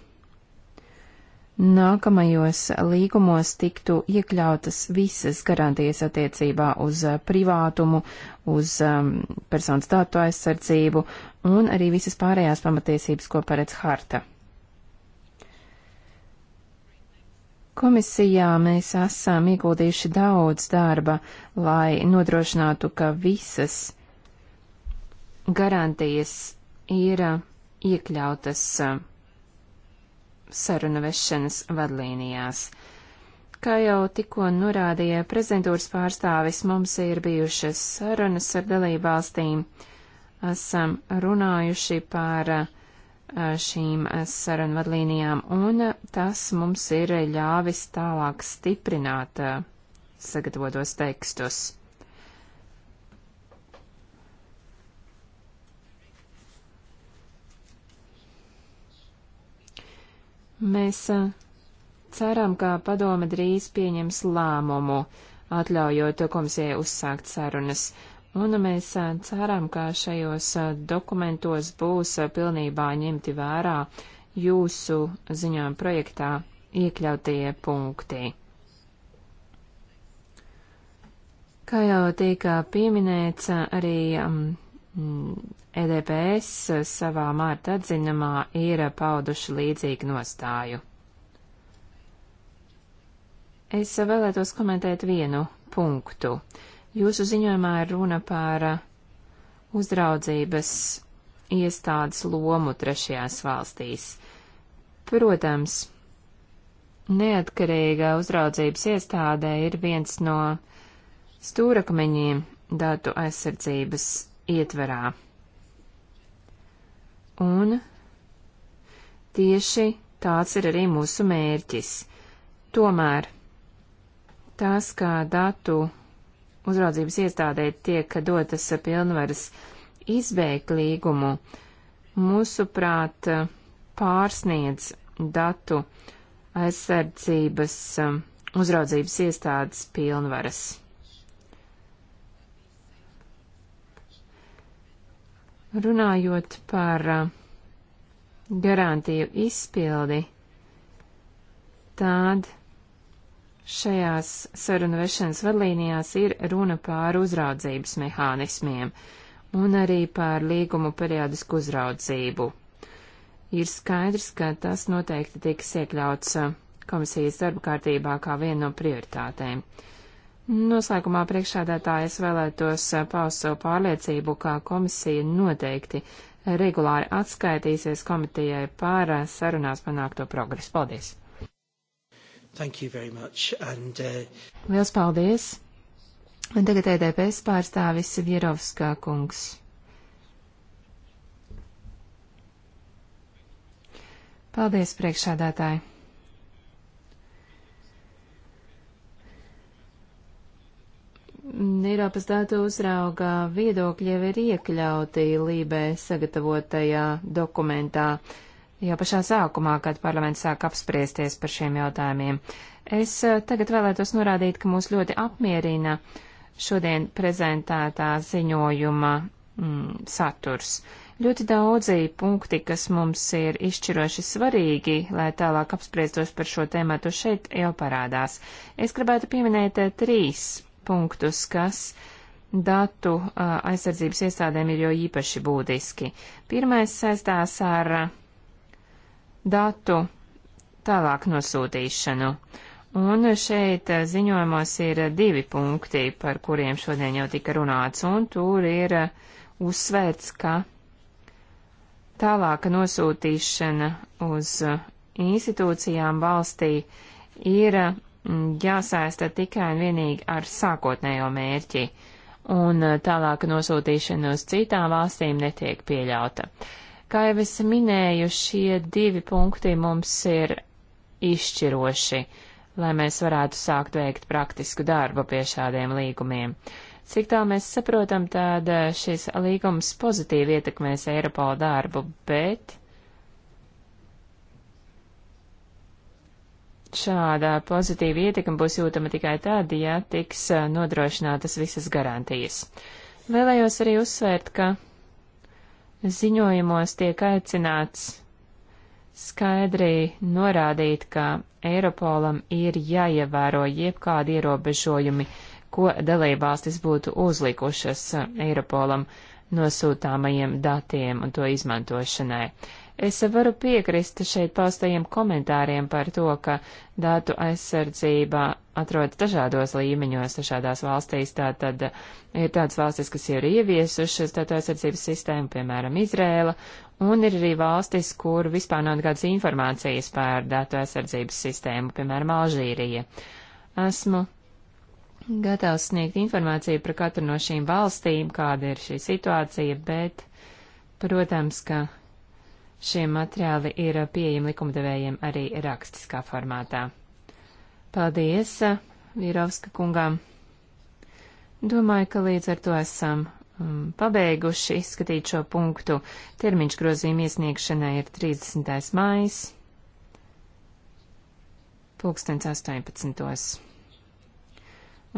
nākamajos līgumos tiktu iekļautas visas garantijas attiecībā uz eh, privātumu, uz um, personas datu aizsardzību un arī visas pārējās pamatiesības, ko paredz harta. Komisijā mēs esam ieguldījuši daudz darba, lai nodrošinātu, ka visas garantijas ir eh, iekļautas uh, sarunu vešanas vadlīnijās. Kā jau tikko norādīja prezidentūras pārstāvis, mums ir bijušas sarunas ar dalībvalstīm. Esam runājuši par šīm sarunu vadlīnijām, un tas mums ir ļāvis tālāk stiprināt sagatavotos tekstus. Mēs ceram, ka padome drīz pieņems lēmumu, atļaujot komisijai uzsākt sarunas, un mēs ceram, ka šajos dokumentos būs pilnībā ņemti vērā jūsu ziņojuma projektā iekļautie punkti. Kā jau tika pieminēts, arī um, EDPS savā mārta atziņamā ir pauduši līdzīgu nostāju. Es vēlētos komentēt vienu punktu. Jūsu ziņojumā ir runa par uzraudzības iestādes lomu trešajās valstīs. Protams, neatkarīga uzraudzības iestādē ir viens no stūrakmeņiem datu aizsardzības ietverā. Un tieši tāds ir arī mūsu mērķis. Tomēr tas, kā datu uzraudzības iestādē tiek dotas pilnvaras izbeigt līgumu, mūsuprāt, pārsniedz datu aizsardzības um, uzraudzības iestādes pilnvaras. Runājot par uh, garantiju izpildi, tad šajās sarunu vešanas vadlīnijās ir runa pār uzraudzības mehānismiem un arī pār līgumu periodisku uzraudzību. Ir skaidrs, ka tas noteikti tiks iekļauts uh, komisijas darba kārtībā kā viena no prioritātēm. Noslēgumā priekšādātāja es vēlētos eh, paust savu pārliecību, ka komisija noteikti regulāri atskaitīsies komitejai par eh, sarunās panākto progresu. Paldies! Thank you very much. And, uh... Liels paldies! Un tagad EDPS pārstāvis Vierovskā kungs. Paldies, priekšādātāji! Eiropas datu uzraugā viedokļi jau ir iekļauti Lībē sagatavotajā dokumentā jau pašā sākumā, kad parlaments sāk apspriesties par šiem jautājumiem. Es eh, tagad vēlētos norādīt, ka mūs ļoti apmierina šodien prezentētā ziņojuma mm, saturs. Ļoti daudzi punkti, kas mums ir izšķiroši svarīgi, lai tālāk apspriestos par šo tēmatu, šeit jau parādās. Es gribētu pieminēt eh, trīs punktus, kas datu uh, aizsardzības iestādēm ir jau īpaši būtiski. Pirmais saistās ar uh, datu tālāk nosūtīšanu. Un šeit uh, ziņojumos ir divi punkti, par kuriem šodien jau tika runāts, un tur ir uzsvērts, ka tālāka nosūtīšana uz institūcijām valstī ir jāsaista tikai un vienīgi ar sākotnējo mērķi, un eh, tālāka nosūtīšana uz citām valstīm netiek pieļauta. Kā jau es minēju, šie divi punkti mums ir izšķiroši, lai mēs varētu sākt veikt praktisku darbu pie šādiem līgumiem. Cik tā mēs saprotam, tad eh, šis līgums pozitīvi ietekmēs Eiropola darbu, bet Šāda pozitīva ietekme būs jūtama tikai tad, ja tiks eh, nodrošinātas visas garantijas. Vēlējos arī uzsvērt, ka ziņojumos tiek aicināts skaidri norādīt, ka Eiropolam ir jāievēro jebkādi ierobežojumi, ko dalībvalstis būtu uzlikušas eh, Eiropolam nosūtāmajiem datiem un to izmantošanai. Es varu piekrist šeit paustajiem komentāriem par to, ka datu aizsardzība atrodas dažādos līmeņos, dažādās valstīs. Tātad ir tādas valstis, kas jau ir ieviesušas datu aizsardzības sistēmu, piemēram, Izrēla, un ir arī valstis, kur vispār nav nekādas informācijas par datu aizsardzības sistēmu, piemēram, Alžīrija. Esmu gatavs sniegt informāciju par katru no šīm valstīm, kāda ir šī situācija, bet, protams, ka Šie materiāli ir pieejami likumdevējiem arī rakstiskā formātā. Paldies, Vīrovska kungām! Domāju, ka līdz ar to esam mm, pabeiguši izskatīt šo punktu. Termiņš grozījuma iesniegšanai ir 30. mājas, pulkstens 18.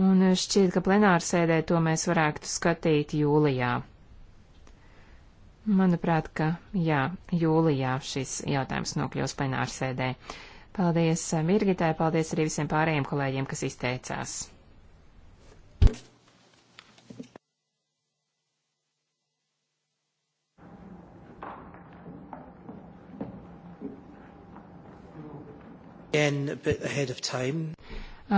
Un šķiet, ka plenārsēdē to mēs varētu skatīt jūlijā. Manuprāt, ka jā, jūlijā šis jautājums nokļūs plenārsēdē. Paldies Virgitai, eh, paldies arī visiem pārējiem kolēģiem, kas izteicās.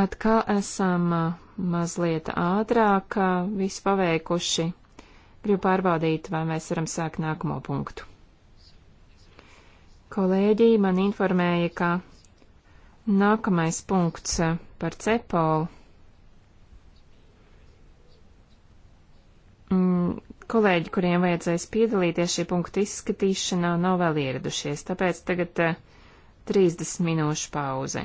Atkal esam eh, mazliet ātrāk eh, visu paveikuši. Gribu pārbaudīt, vai mēs varam sākt nākamo punktu. Kolēģi man informēja, ka nākamais punkts par cepolu. Mm, kolēģi, kuriem vajadzēs piedalīties šī punkta izskatīšanā, nav vēl ieradušies, tāpēc tagad 30 eh, minūšu pauze.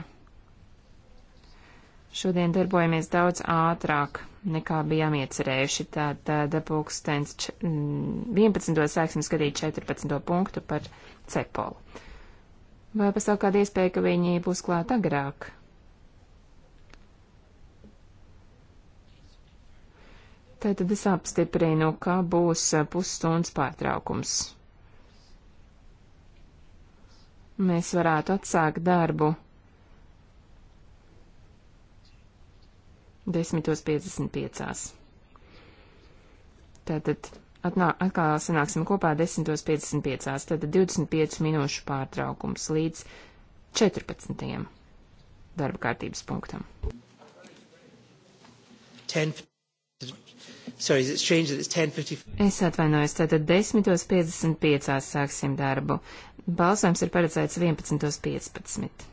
Šodien darbojamies daudz ātrāk, nekā bijām iecerējuši. Tātad pulkstens 11. Mm, sāksim skatīt 14. punktu par cepolu. Vai pastāv kāda iespēja, ka viņi būs klāt agrāk? Tātad es apstiprinu, ka būs pusstundas pārtraukums. Mēs varētu atsākt darbu 10.55. Tātad atnā, atkal sanāksim kopā 10.55. Tātad 25 minūšu pārtraukums līdz 14. darba kārtības punktam. 10. Sorry, is it strange that it's 10.55? Es atvainojos, tātad 10.55 sāksim darbu. Balsojums ir paredzēts 11.15.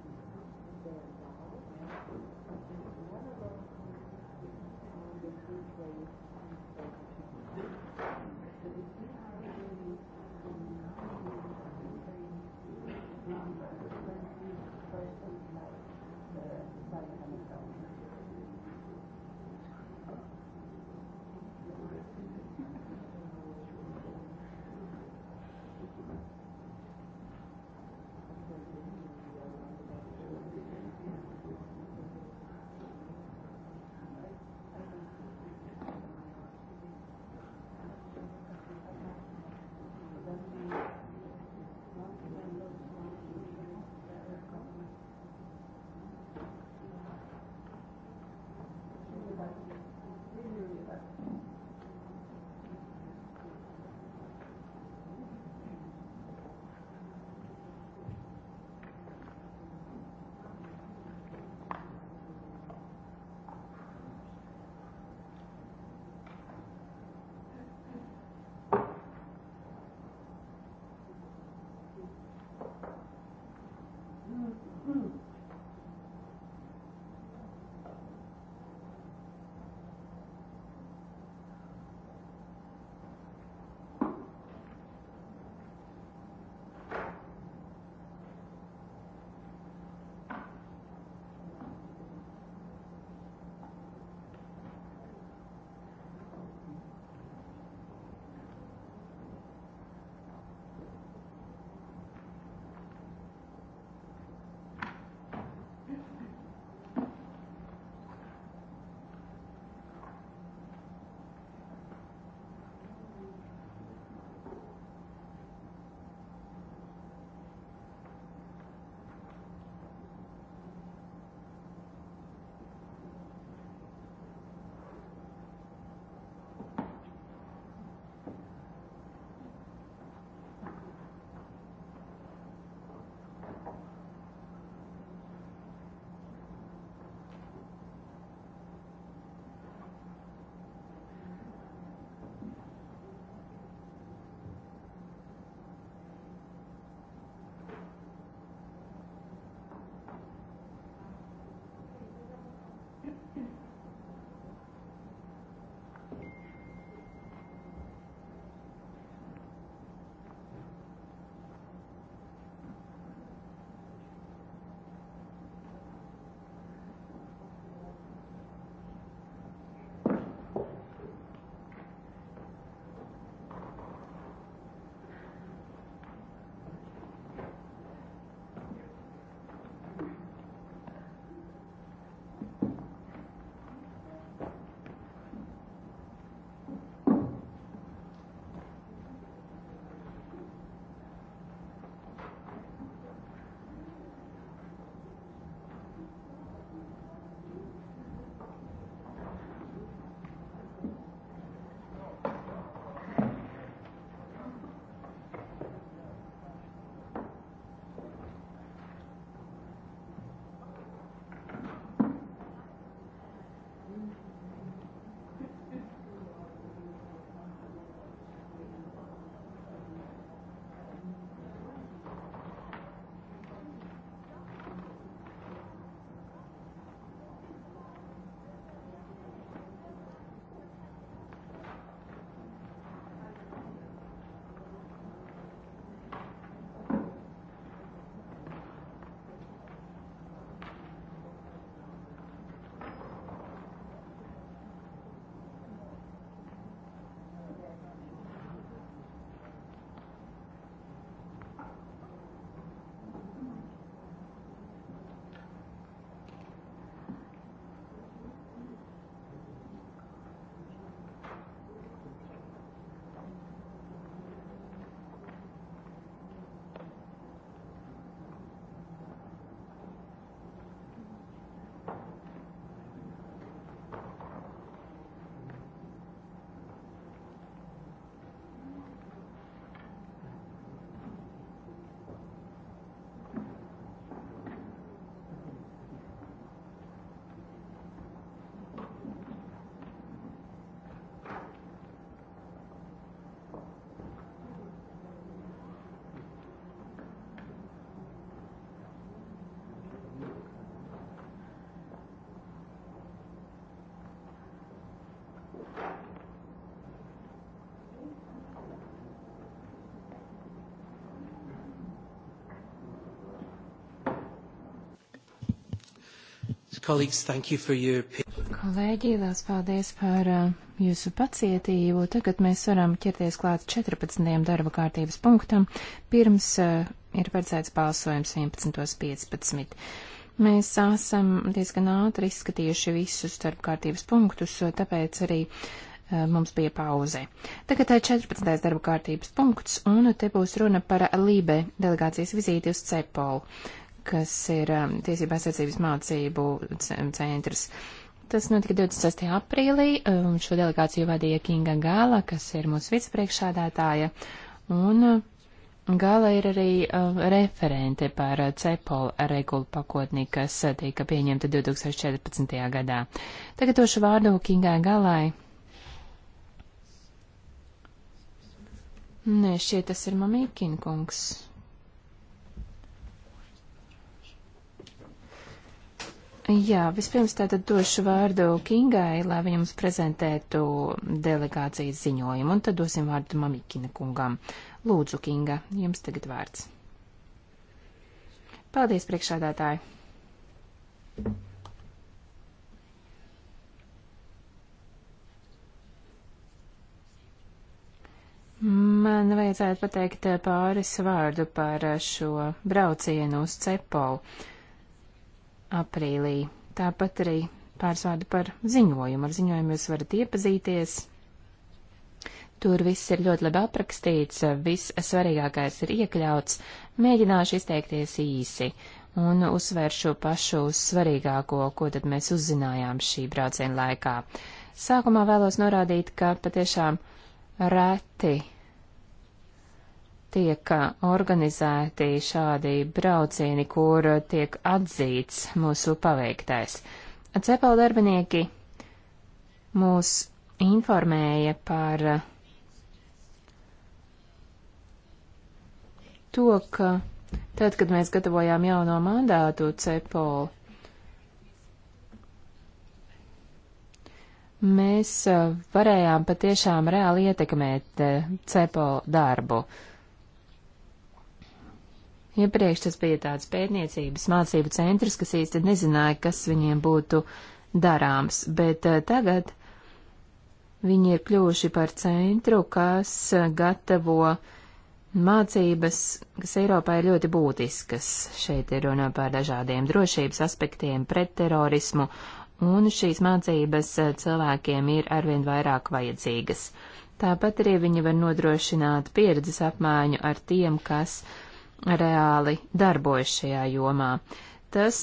Kolēģi, liels paldies par uh, jūsu pacietību. Tagad mēs varam ķerties klāt 14. darba kārtības punktam. Pirms uh, ir paredzēts balsojums 11.15. Mēs esam diezgan ātri izskatījuši visus darba kārtības punktus, tāpēc arī uh, mums bija pauze. Tagad tā ir 14. darba kārtības punkts, un te būs runa par Lībe delegācijas vizīti uz Cepolu kas ir um, tiesība aizsardzības mācību centrs. Tas notika 26. aprīlī, um, šo delegāciju vadīja Kinga Gala, kas ir mūsu vicepriekšādātāja, un uh, Gala ir arī uh, referente par uh, CEPOL regulu pakotni, kas uh, tika pieņemta 2014. gadā. Tagad došu vārdu Kingai Galai. Nē, šie tas ir Mamīkin kungs. Jā, vispirms tātad došu vārdu Kingai, lai viņa mums prezentētu delegācijas ziņojumu, un tad dosim vārdu Mamikina kungam. Lūdzu, Kinga, jums tagad vārds. Paldies, priekšādātāji! Man vajadzētu pateikt pāris vārdu par šo braucienu uz Cepolu aprīlī. Tāpat arī pārsvārdu par ziņojumu. Ar ziņojumu jūs varat iepazīties. Tur viss ir ļoti labi aprakstīts, viss svarīgākais ir iekļauts. Mēģināšu izteikties īsi un uzsvēršu pašu svarīgāko, ko tad mēs uzzinājām šī brauciena laikā. Sākumā vēlos norādīt, ka patiešām reti tiek uh, organizēti šādi braucieni, kur tiek atzīts mūsu paveiktais. Cepela darbinieki mūs informēja par uh, to, ka tad, kad mēs gatavojām jauno mandātu Cepolu, mēs uh, varējām patiešām reāli ietekmēt Cepolu darbu. Uh, Iepriekš tas bija tāds pētniecības mācību centrs, kas īsti nezināja, kas viņiem būtu darāms, bet eh, tagad viņi ir kļuvuši par centru, kas eh, gatavo mācības, kas Eiropā ir ļoti būtiskas. Šeit ir runa par dažādiem drošības aspektiem, pret terorismu, un šīs mācības eh, cilvēkiem ir arvien vairāk vajadzīgas. Tāpat arī viņi var nodrošināt pieredzes apmaiņu ar tiem, kas reāli darbojas šajā jomā. Tas,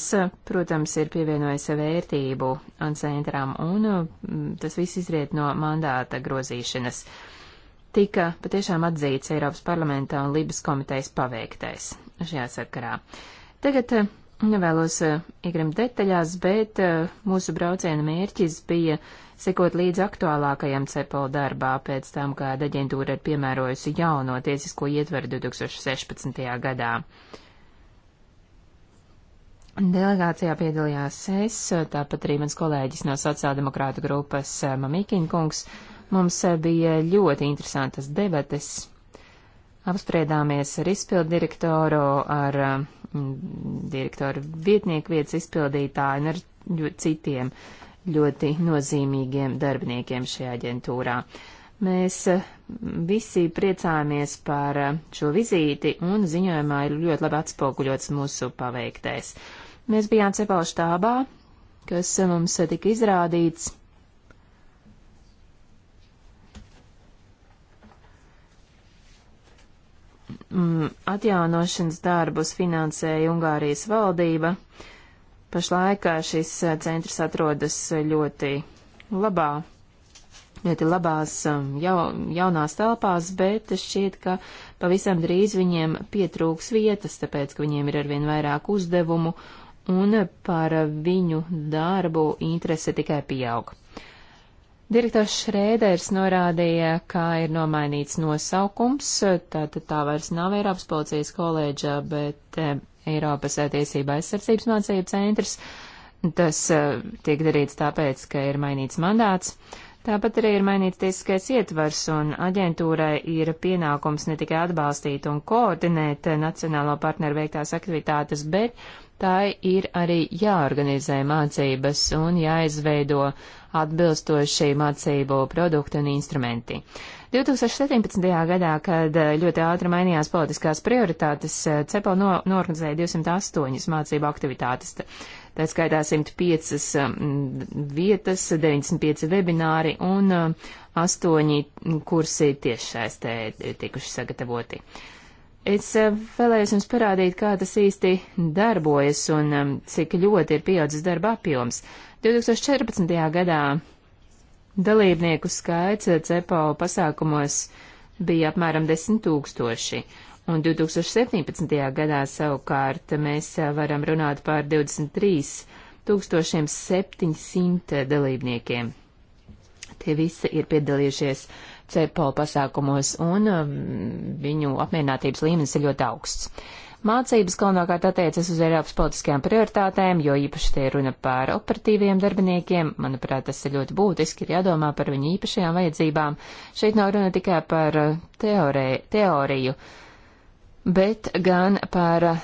protams, ir pievienojis vērtību un centram, un mm, tas viss izriet no mandāta grozīšanas. Tika patiešām atzīts Eiropas parlamenta un Libas komitejas paveiktais šajā sakarā. Tagad Nevēlos eh, iegrimt detaļās, bet eh, mūsu brauciena mērķis bija sekot līdz aktuālākajam CEPOL darbā pēc tam, kad aģentūra ir piemērojusi jauno tiesisko ietveru 2016. gadā. Delegācijā piedalījās es, tāpat arī mans kolēģis no sociāldemokrāta grupas eh, Mamīkiņkungs. Mums bija ļoti interesantas debates. Apspriedāmies ar izpildu direktoru, ar Mm, direktora vietnieku vietas izpildītāju un ar citiem ļoti nozīmīgiem darbiniekiem šajā aģentūrā. Mēs eh, visi priecājamies par eh, šo vizīti un ziņojumā ir ļoti labi atspoguļots mūsu paveiktais. Mēs bijām cepālu štābā, kas eh, mums tika izrādīts mm, atjaunošanas darbus finansēja Ungārijas valdība. Pašlaik šis centrs atrodas ļoti labā, ļoti labās jau, jaunās telpās, bet šķiet, ka pavisam drīz viņiem pietrūks vietas, tāpēc, ka viņiem ir arvien vairāk uzdevumu un par viņu darbu interese tikai pieaug. Direktors Šrēders norādīja, ka ir nomainīts nosaukums, tātad tā vairs nav Eiropas policijas koledža, bet eh, Eiropas eh, tiesība aizsardzības mācību centrs. Tas eh, tiek darīts tāpēc, ka ir mainīts mandāts. Tāpat arī ir mainīts tiesiskais ietvars, un aģentūrai ir pienākums ne tikai atbalstīt un koordinēt nacionālo partneru veiktās aktivitātes, bet tai ir arī jāorganizē mācības un jāizveido atbilstoši mācību produkti un instrumenti. 2017. gadā, kad ļoti ātri mainījās politiskās prioritātes, CEPO no, norganizēja 208 mācību aktivitātes. Tā skaitā 105 um, vietas, 95 webināri un 8 um, kursi tiešsaistē tikuši sagatavoti. Uh, Es eh, vēlējos jums parādīt, kā tas īsti darbojas un eh, cik ļoti ir pieaudzis darba apjoms. 2014. gadā dalībnieku skaits eh, CEPO pasākumos bija apmēram 10 tūkstoši, un 2017. gadā savukārt mēs varam runāt par 23 tūkstošiem 700 dalībniekiem. Tie visi ir piedalījušies CEPOL pasākumos, un um, viņu apmierinātības līmenis ir ļoti augsts. Mācības galvenokārt attiecas uz Eiropas politiskajām prioritātēm, jo īpaši tie runa par operatīviem darbiniekiem. Manuprāt, tas ir ļoti būtiski, ir jādomā par viņu īpašajām vajadzībām. Šeit nav runa tikai par uh, teorē, teoriju, bet gan par uh,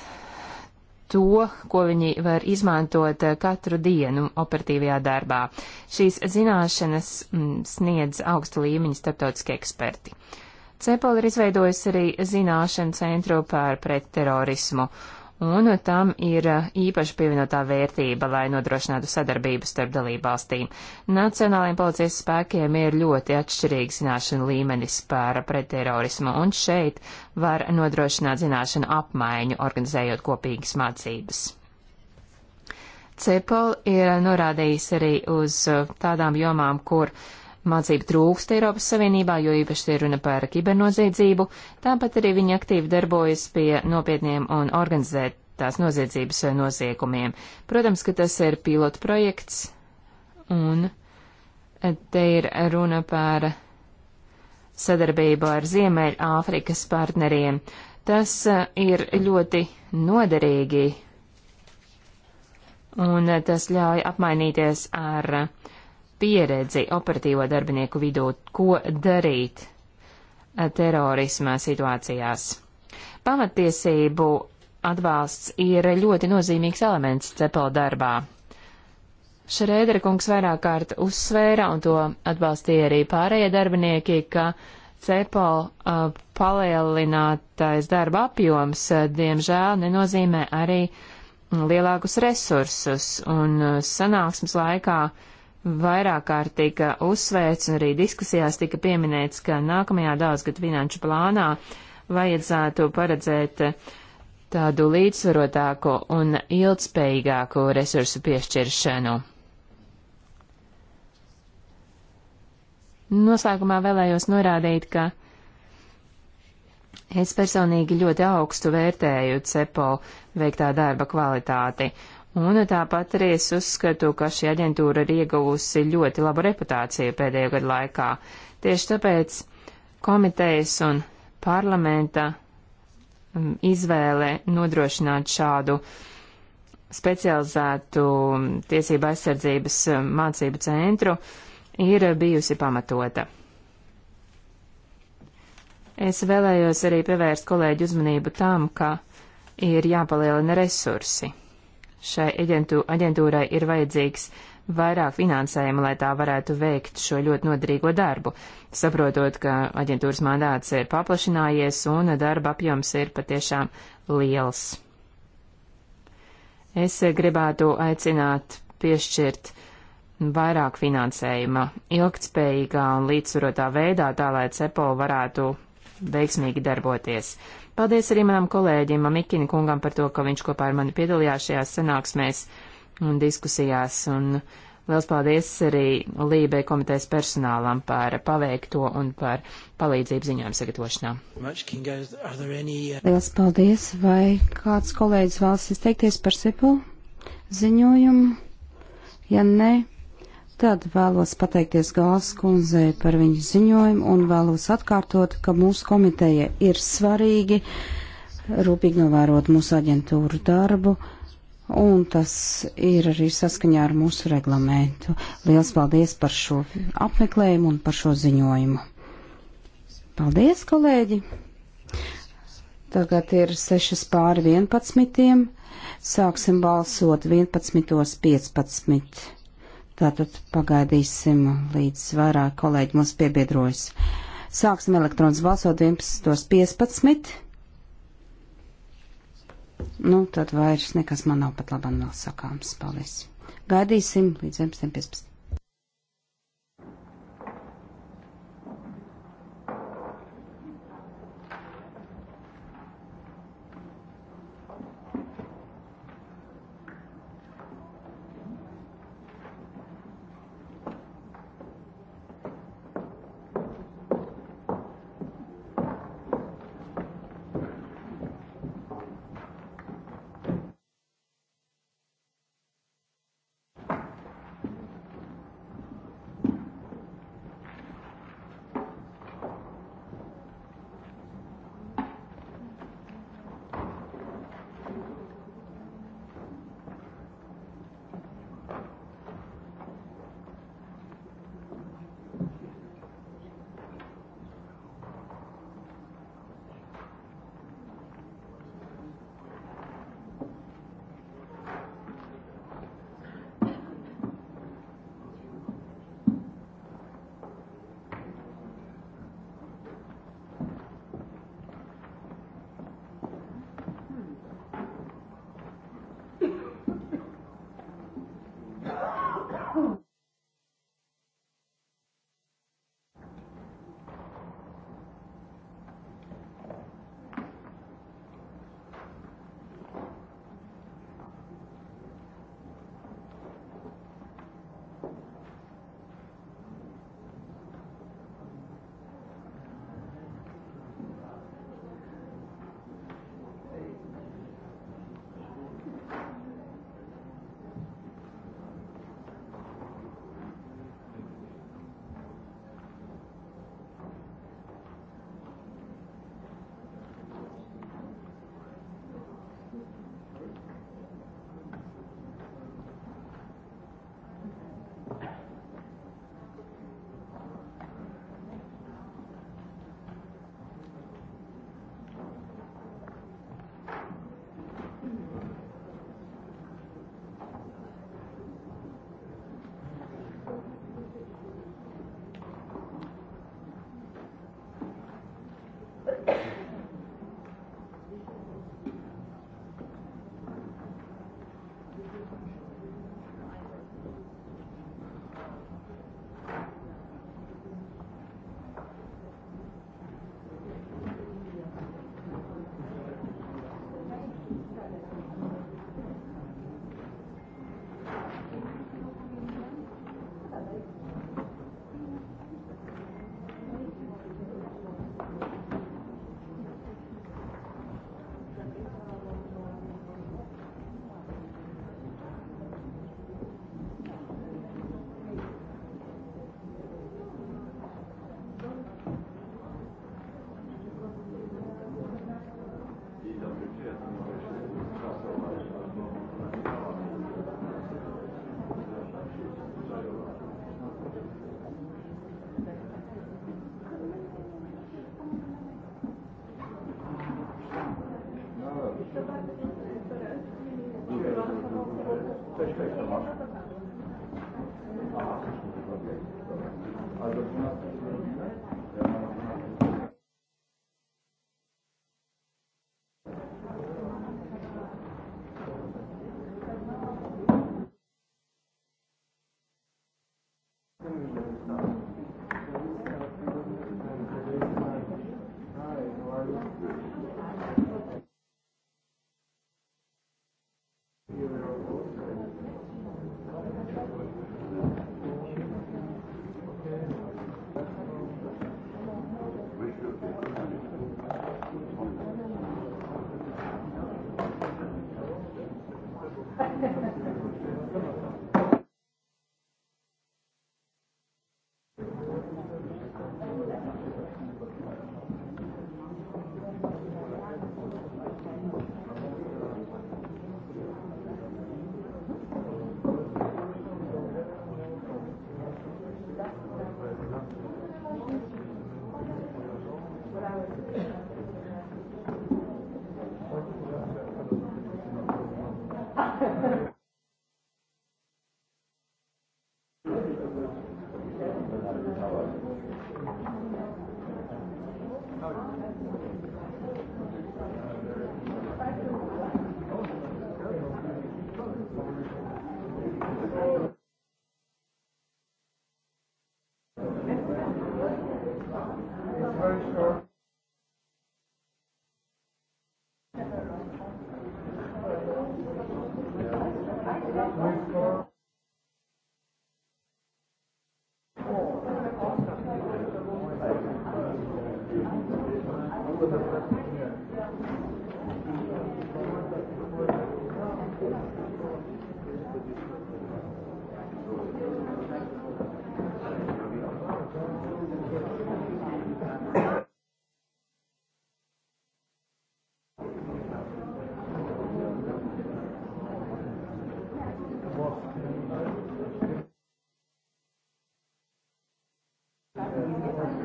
to, ko viņi var izmantot eh, katru dienu operatīvajā darbā. Šīs zināšanas mm, sniedz augsta līmeņa starptautiski eksperti. Cepoli ir izveidojusi arī zināšanu centru par pretterorismu, un tam ir īpaši pievienotā vērtība, lai nodrošinātu sadarbību starp dalībvalstīm. Nacionālajiem policijas spēkiem ir ļoti atšķirīgs zināšanu līmenis par pretterorismu, un šeit var nodrošināt zināšanu apmaiņu, organizējot kopīgas mācības. CEPOL ir norādījis arī uz tādām jomām, kur uh, Mācība trūkst Eiropas Savienībā, jo īpaši ir runa par kibernoziedzību, tāpat arī viņi aktīvi darbojas pie nopietniem un organizētās noziedzības noziegumiem. Protams, ka tas ir pilota projekts, un te ir runa par sadarbību ar Ziemeļa Āfrikas partneriem. Tas ir ļoti noderīgi, un tas ļauj apmainīties ar uh, pieredzi operatīvo darbinieku vidū, ko darīt eh, terorisma situācijās. Pamattiesību atbalsts ir ļoti nozīmīgs elements cepela darbā. Šrēdera kungs vairāk kārt uzsvēra, un to atbalstīja arī pārējie darbinieki, ka cepela uh, eh, palielinātais darba apjoms, uh, diemžēl, nenozīmē arī mm, lielākus resursus, un uh, sanāksmes laikā uh, vairāk kārt tika uzsvērts un arī diskusijās tika pieminēts, ka nākamajā daudzgad finanšu plānā vajadzētu paredzēt tādu līdzsvarotāku un ilgspējīgāku resursu piešķiršanu. Noslēgumā vēlējos norādīt, ka es personīgi ļoti augstu vērtēju CEPO veiktā darba kvalitāti Un tāpat arī es uzskatu, ka šī aģentūra ir ieguvusi ļoti labu reputāciju pēdējo gadu laikā. Tieši tāpēc komitejas un parlamenta mm, izvēle nodrošināt šādu specializētu mm, tiesību aizsardzības mm, mācību centru ir bijusi pamatota. Es vēlējos arī pievērst kolēģi uzmanību tam, ka ir jāpalielina resursi. Šai aģentūrai ir vajadzīgs vairāk finansējuma, lai tā varētu veikt šo ļoti noderīgo darbu, saprotot, ka aģentūras mandāts ir paplašinājies un darba apjoms ir patiešām liels. Es gribētu aicināt piešķirt vairāk finansējuma ilgtspējīgā un līdzsvarotā veidā, tā lai CEPO varētu veiksmīgi darboties. Paldies arī manam kolēģim Mikini kungam par to, ka viņš kopā ar mani piedalījās šajās sanāksmēs un diskusijās. Un liels paldies arī Lībē komitejas personālam par paveikto un par palīdzību ziņām sagatavošanā. Uh, liels paldies. Vai kāds kolēģis vēlas izteikties par SIPU ziņojumu? Ja ne, Tad vēlos pateikties Gāzes kundzei par viņu ziņojumu un vēlos atkārtot, ka mūsu komiteja ir svarīgi rūpīgi novērot mūsu aģentūru darbu, un tas ir arī saskaņā ar mūsu reglamentu. Liels paldies par šo apmeklējumu un par šo ziņojumu. Paldies, kolēģi! Tagad ir 6 pāri 11. Sāksim balsot 11.15. Tātad pagaidīsim, līdz vairāk kolēģi mums piebiedrojas. Sāksim elektronas balsot 11.15. Nu, tad vairs nekas man nav pat labam vēl sakāms. Paldies. Gaidīsim līdz 11.15.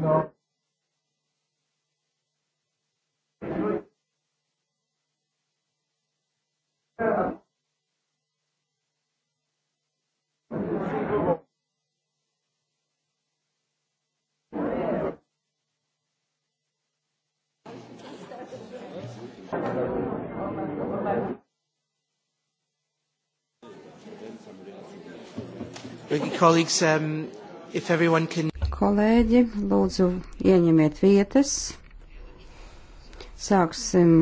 No. Colleagues, um, if everyone can kolēģi, lūdzu ieņemiet vietas. Sāksim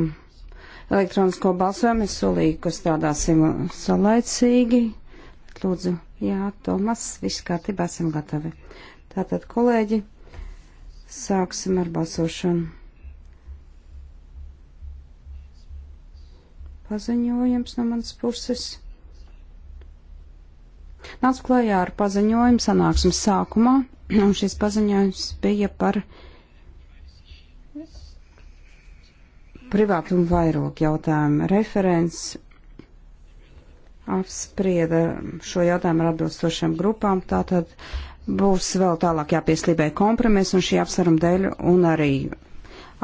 elektronisko balsojumu. Es solīju, ka strādāsim salaicīgi. Lūdzu, jā, Tomas, viss kārtībā esam gatavi. Tātad, kolēģi, sāksim ar balsošanu. Paziņojums no manas puses nāca klajā ar paziņojumu sanāksmes sākumā. Un šis paziņojums bija par privātumu vairogu jautājumu. Referents apsprieda šo jautājumu ar atbilstošiem grupām, tātad būs vēl tālāk jāpieslībē kompromis un šī apsveruma dēļ un arī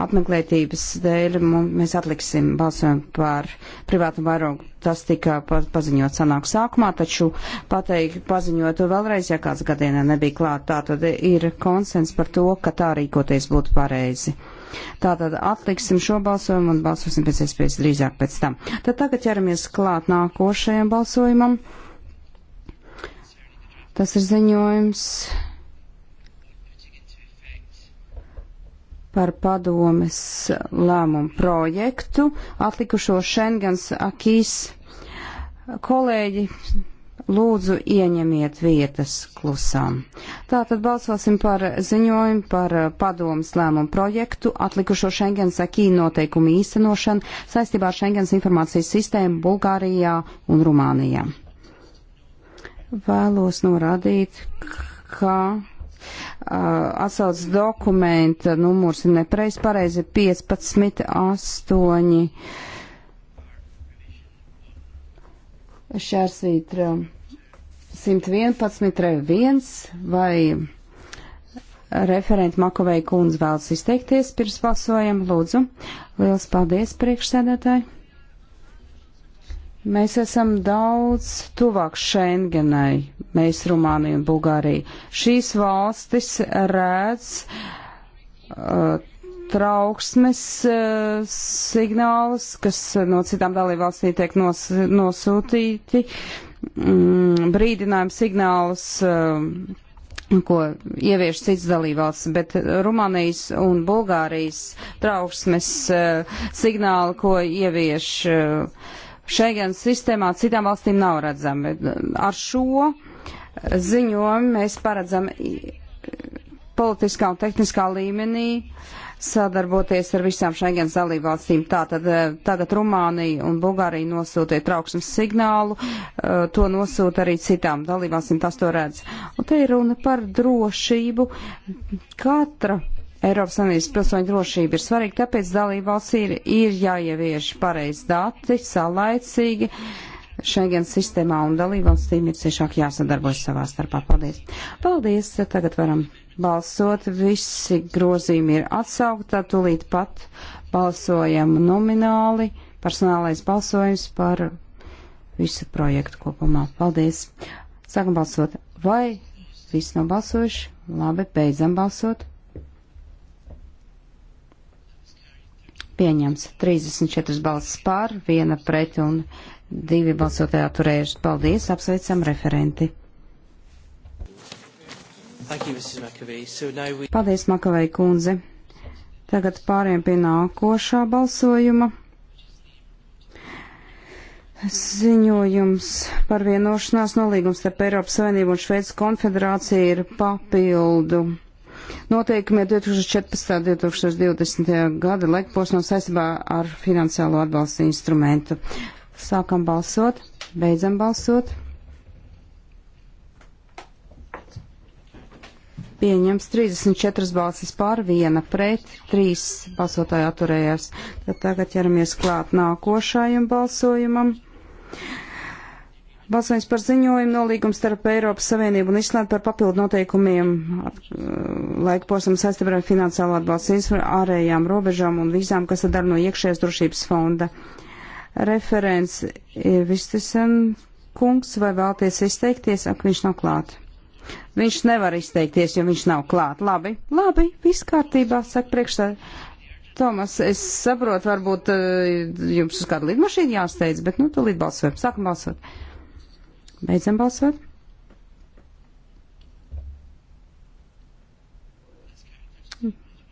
apmeklētības dēļ mēs atliksim balsojumu par privātu vairogu. Tas tika paziņot sanāk sākumā, taču pateikt paziņot to vēlreiz, ja kāds gadienā nebija klāt, tā tad ir konsens par to, ka tā rīkoties būtu pareizi. Tātad atliksim šo balsojumu un balsosim pēc iespējas drīzāk pēc tam. Tad tagad ķeramies klāt nākošajam balsojumam. Tas ir ziņojums. par padomes lēmumu projektu atlikušo Schengens akīs. Kolēģi, lūdzu ieņemiet vietas klusām. Tātad balsosim par ziņojumu par padomas lēmumu projektu atlikušo Schengens akī noteikumu īstenošanu saistībā ar Schengens informācijas sistēmu Bulgārijā un Rumānijā. Vēlos norādīt, ka Uh, atsaucas dokumenta numurs ir nepreiz pareizi 15, 8. Šērsvītra 111, 1 vai referenta Makovei kundze vēlas izteikties pirms balsojam. Lūdzu, liels paldies priekšsēdētāji! Mēs esam daudz tuvāk Schengenai, mēs Rumānija un Bulgārija. Šīs valstis redz uh, trauksmes uh, signālus, kas no citām dalībvalstīm tiek nos, nosūtīti, mm, brīdinājumu signālus. Uh, ko ievieš cits dalībvalsts, bet Rumānijas un Bulgārijas trauksmes uh, signāli, ko ievieš uh, Schengen sistēmā citām valstīm nav redzami. Ar šo ziņojumu mēs paredzam politiskā un tehniskā līmenī sadarboties ar visām Schengen dalībvalstīm. Tātad eh, tagad Rumānija un Bulgārija nosūtīja trauksmes signālu, eh, to nosūta arī citām dalībvalstīm, tas to redz. Un te ir runa par drošību. Katra Eiropas Savienības pilsoņu drošība ir svarīga, tāpēc dalībvalsts ir, ir jāievieš pareiz dati saulaicīgi. Šengens sistēmā un dalībvalstīm ir ciešāk jāsadarbojas savā starpā. Paldies! Paldies! Tagad varam balsot. Visi grozījumi ir atsaukt, tad tūlīt pat balsojam nomināli. Personālais balsojums par visu projektu kopumā. Paldies! Sākam balsot. Vai visi nobalsojuši? Labi, beidzam balsot. pieņems 34 balsis pār, viena pret un divi balsotajā turējuši. Paldies, apsveicam referenti. You, so we... Paldies, Makavei kundze. Tagad pāriem pie nākošā balsojuma. Ziņojums par vienošanās nolīgums starp Eiropas Savienību un Šveices konfederāciju ir papildu noteikumiem 2014. un 2020. gada laikposmā saistībā ar finansiālo atbalstu instrumentu. Sākam balsot, beidzam balsot. Pieņems 34 balsis pār, viena pret, trīs balsotāji atturējās. Tad tagad ķeramies klāt nākošajam balsojumam. Balsojums par ziņojumu nolīgums starp Eiropas Savienību un Islandu par papildu noteikumiem uh, laika posmam saistībā ar finansiālo atbalstu ārējām robežām un vīzām, kas ir dara no iekšējās drošības fonda. Referents ir Vistisen kungs, vai vēlties izteikties, ak viņš nav klāt. Viņš nevar izteikties, jo viņš nav klāt. Labi, labi, viss kārtībā, saka priekšsā. Tomas, es saprotu, varbūt uh, jums uz kādu lidmašīnu jāsteidz, bet nu, tu līdz balsojam. Sākam balsot. Beidzam balsot.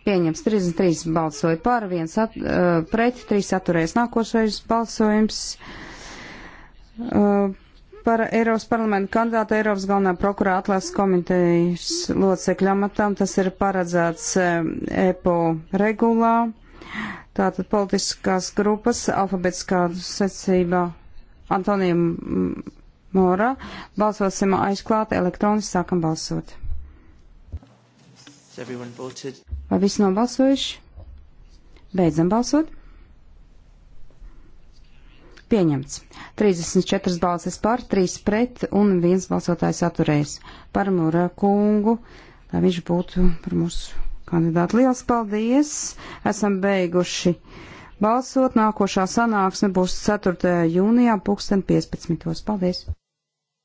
Pieņems 33 balsoja par, viens at, uh, pret, trīs atturēs nākošais balsojums uh, par Eiropas parlamentu kandidātu Eiropas galvenā prokurā atlases komitejas locekļamatām. Tas ir paredzēts uh, EPO regulā. Tātad politiskās grupas alfabetiskā secībā Antonija mm, Mora. Balsosim aizklāt elektroniski, sākam balsot. Vai visi nobalsojuši? Beidzam balsot. Pieņemts. 34 balsis par, 3 pret un 1 balsotājs atturējis. Par Mūra kungu, lai viņš būtu par mūsu kandidātu. Liels paldies! Esam beiguši balsot. Nākošā sanāksme būs 4. jūnijā, 2015. Paldies!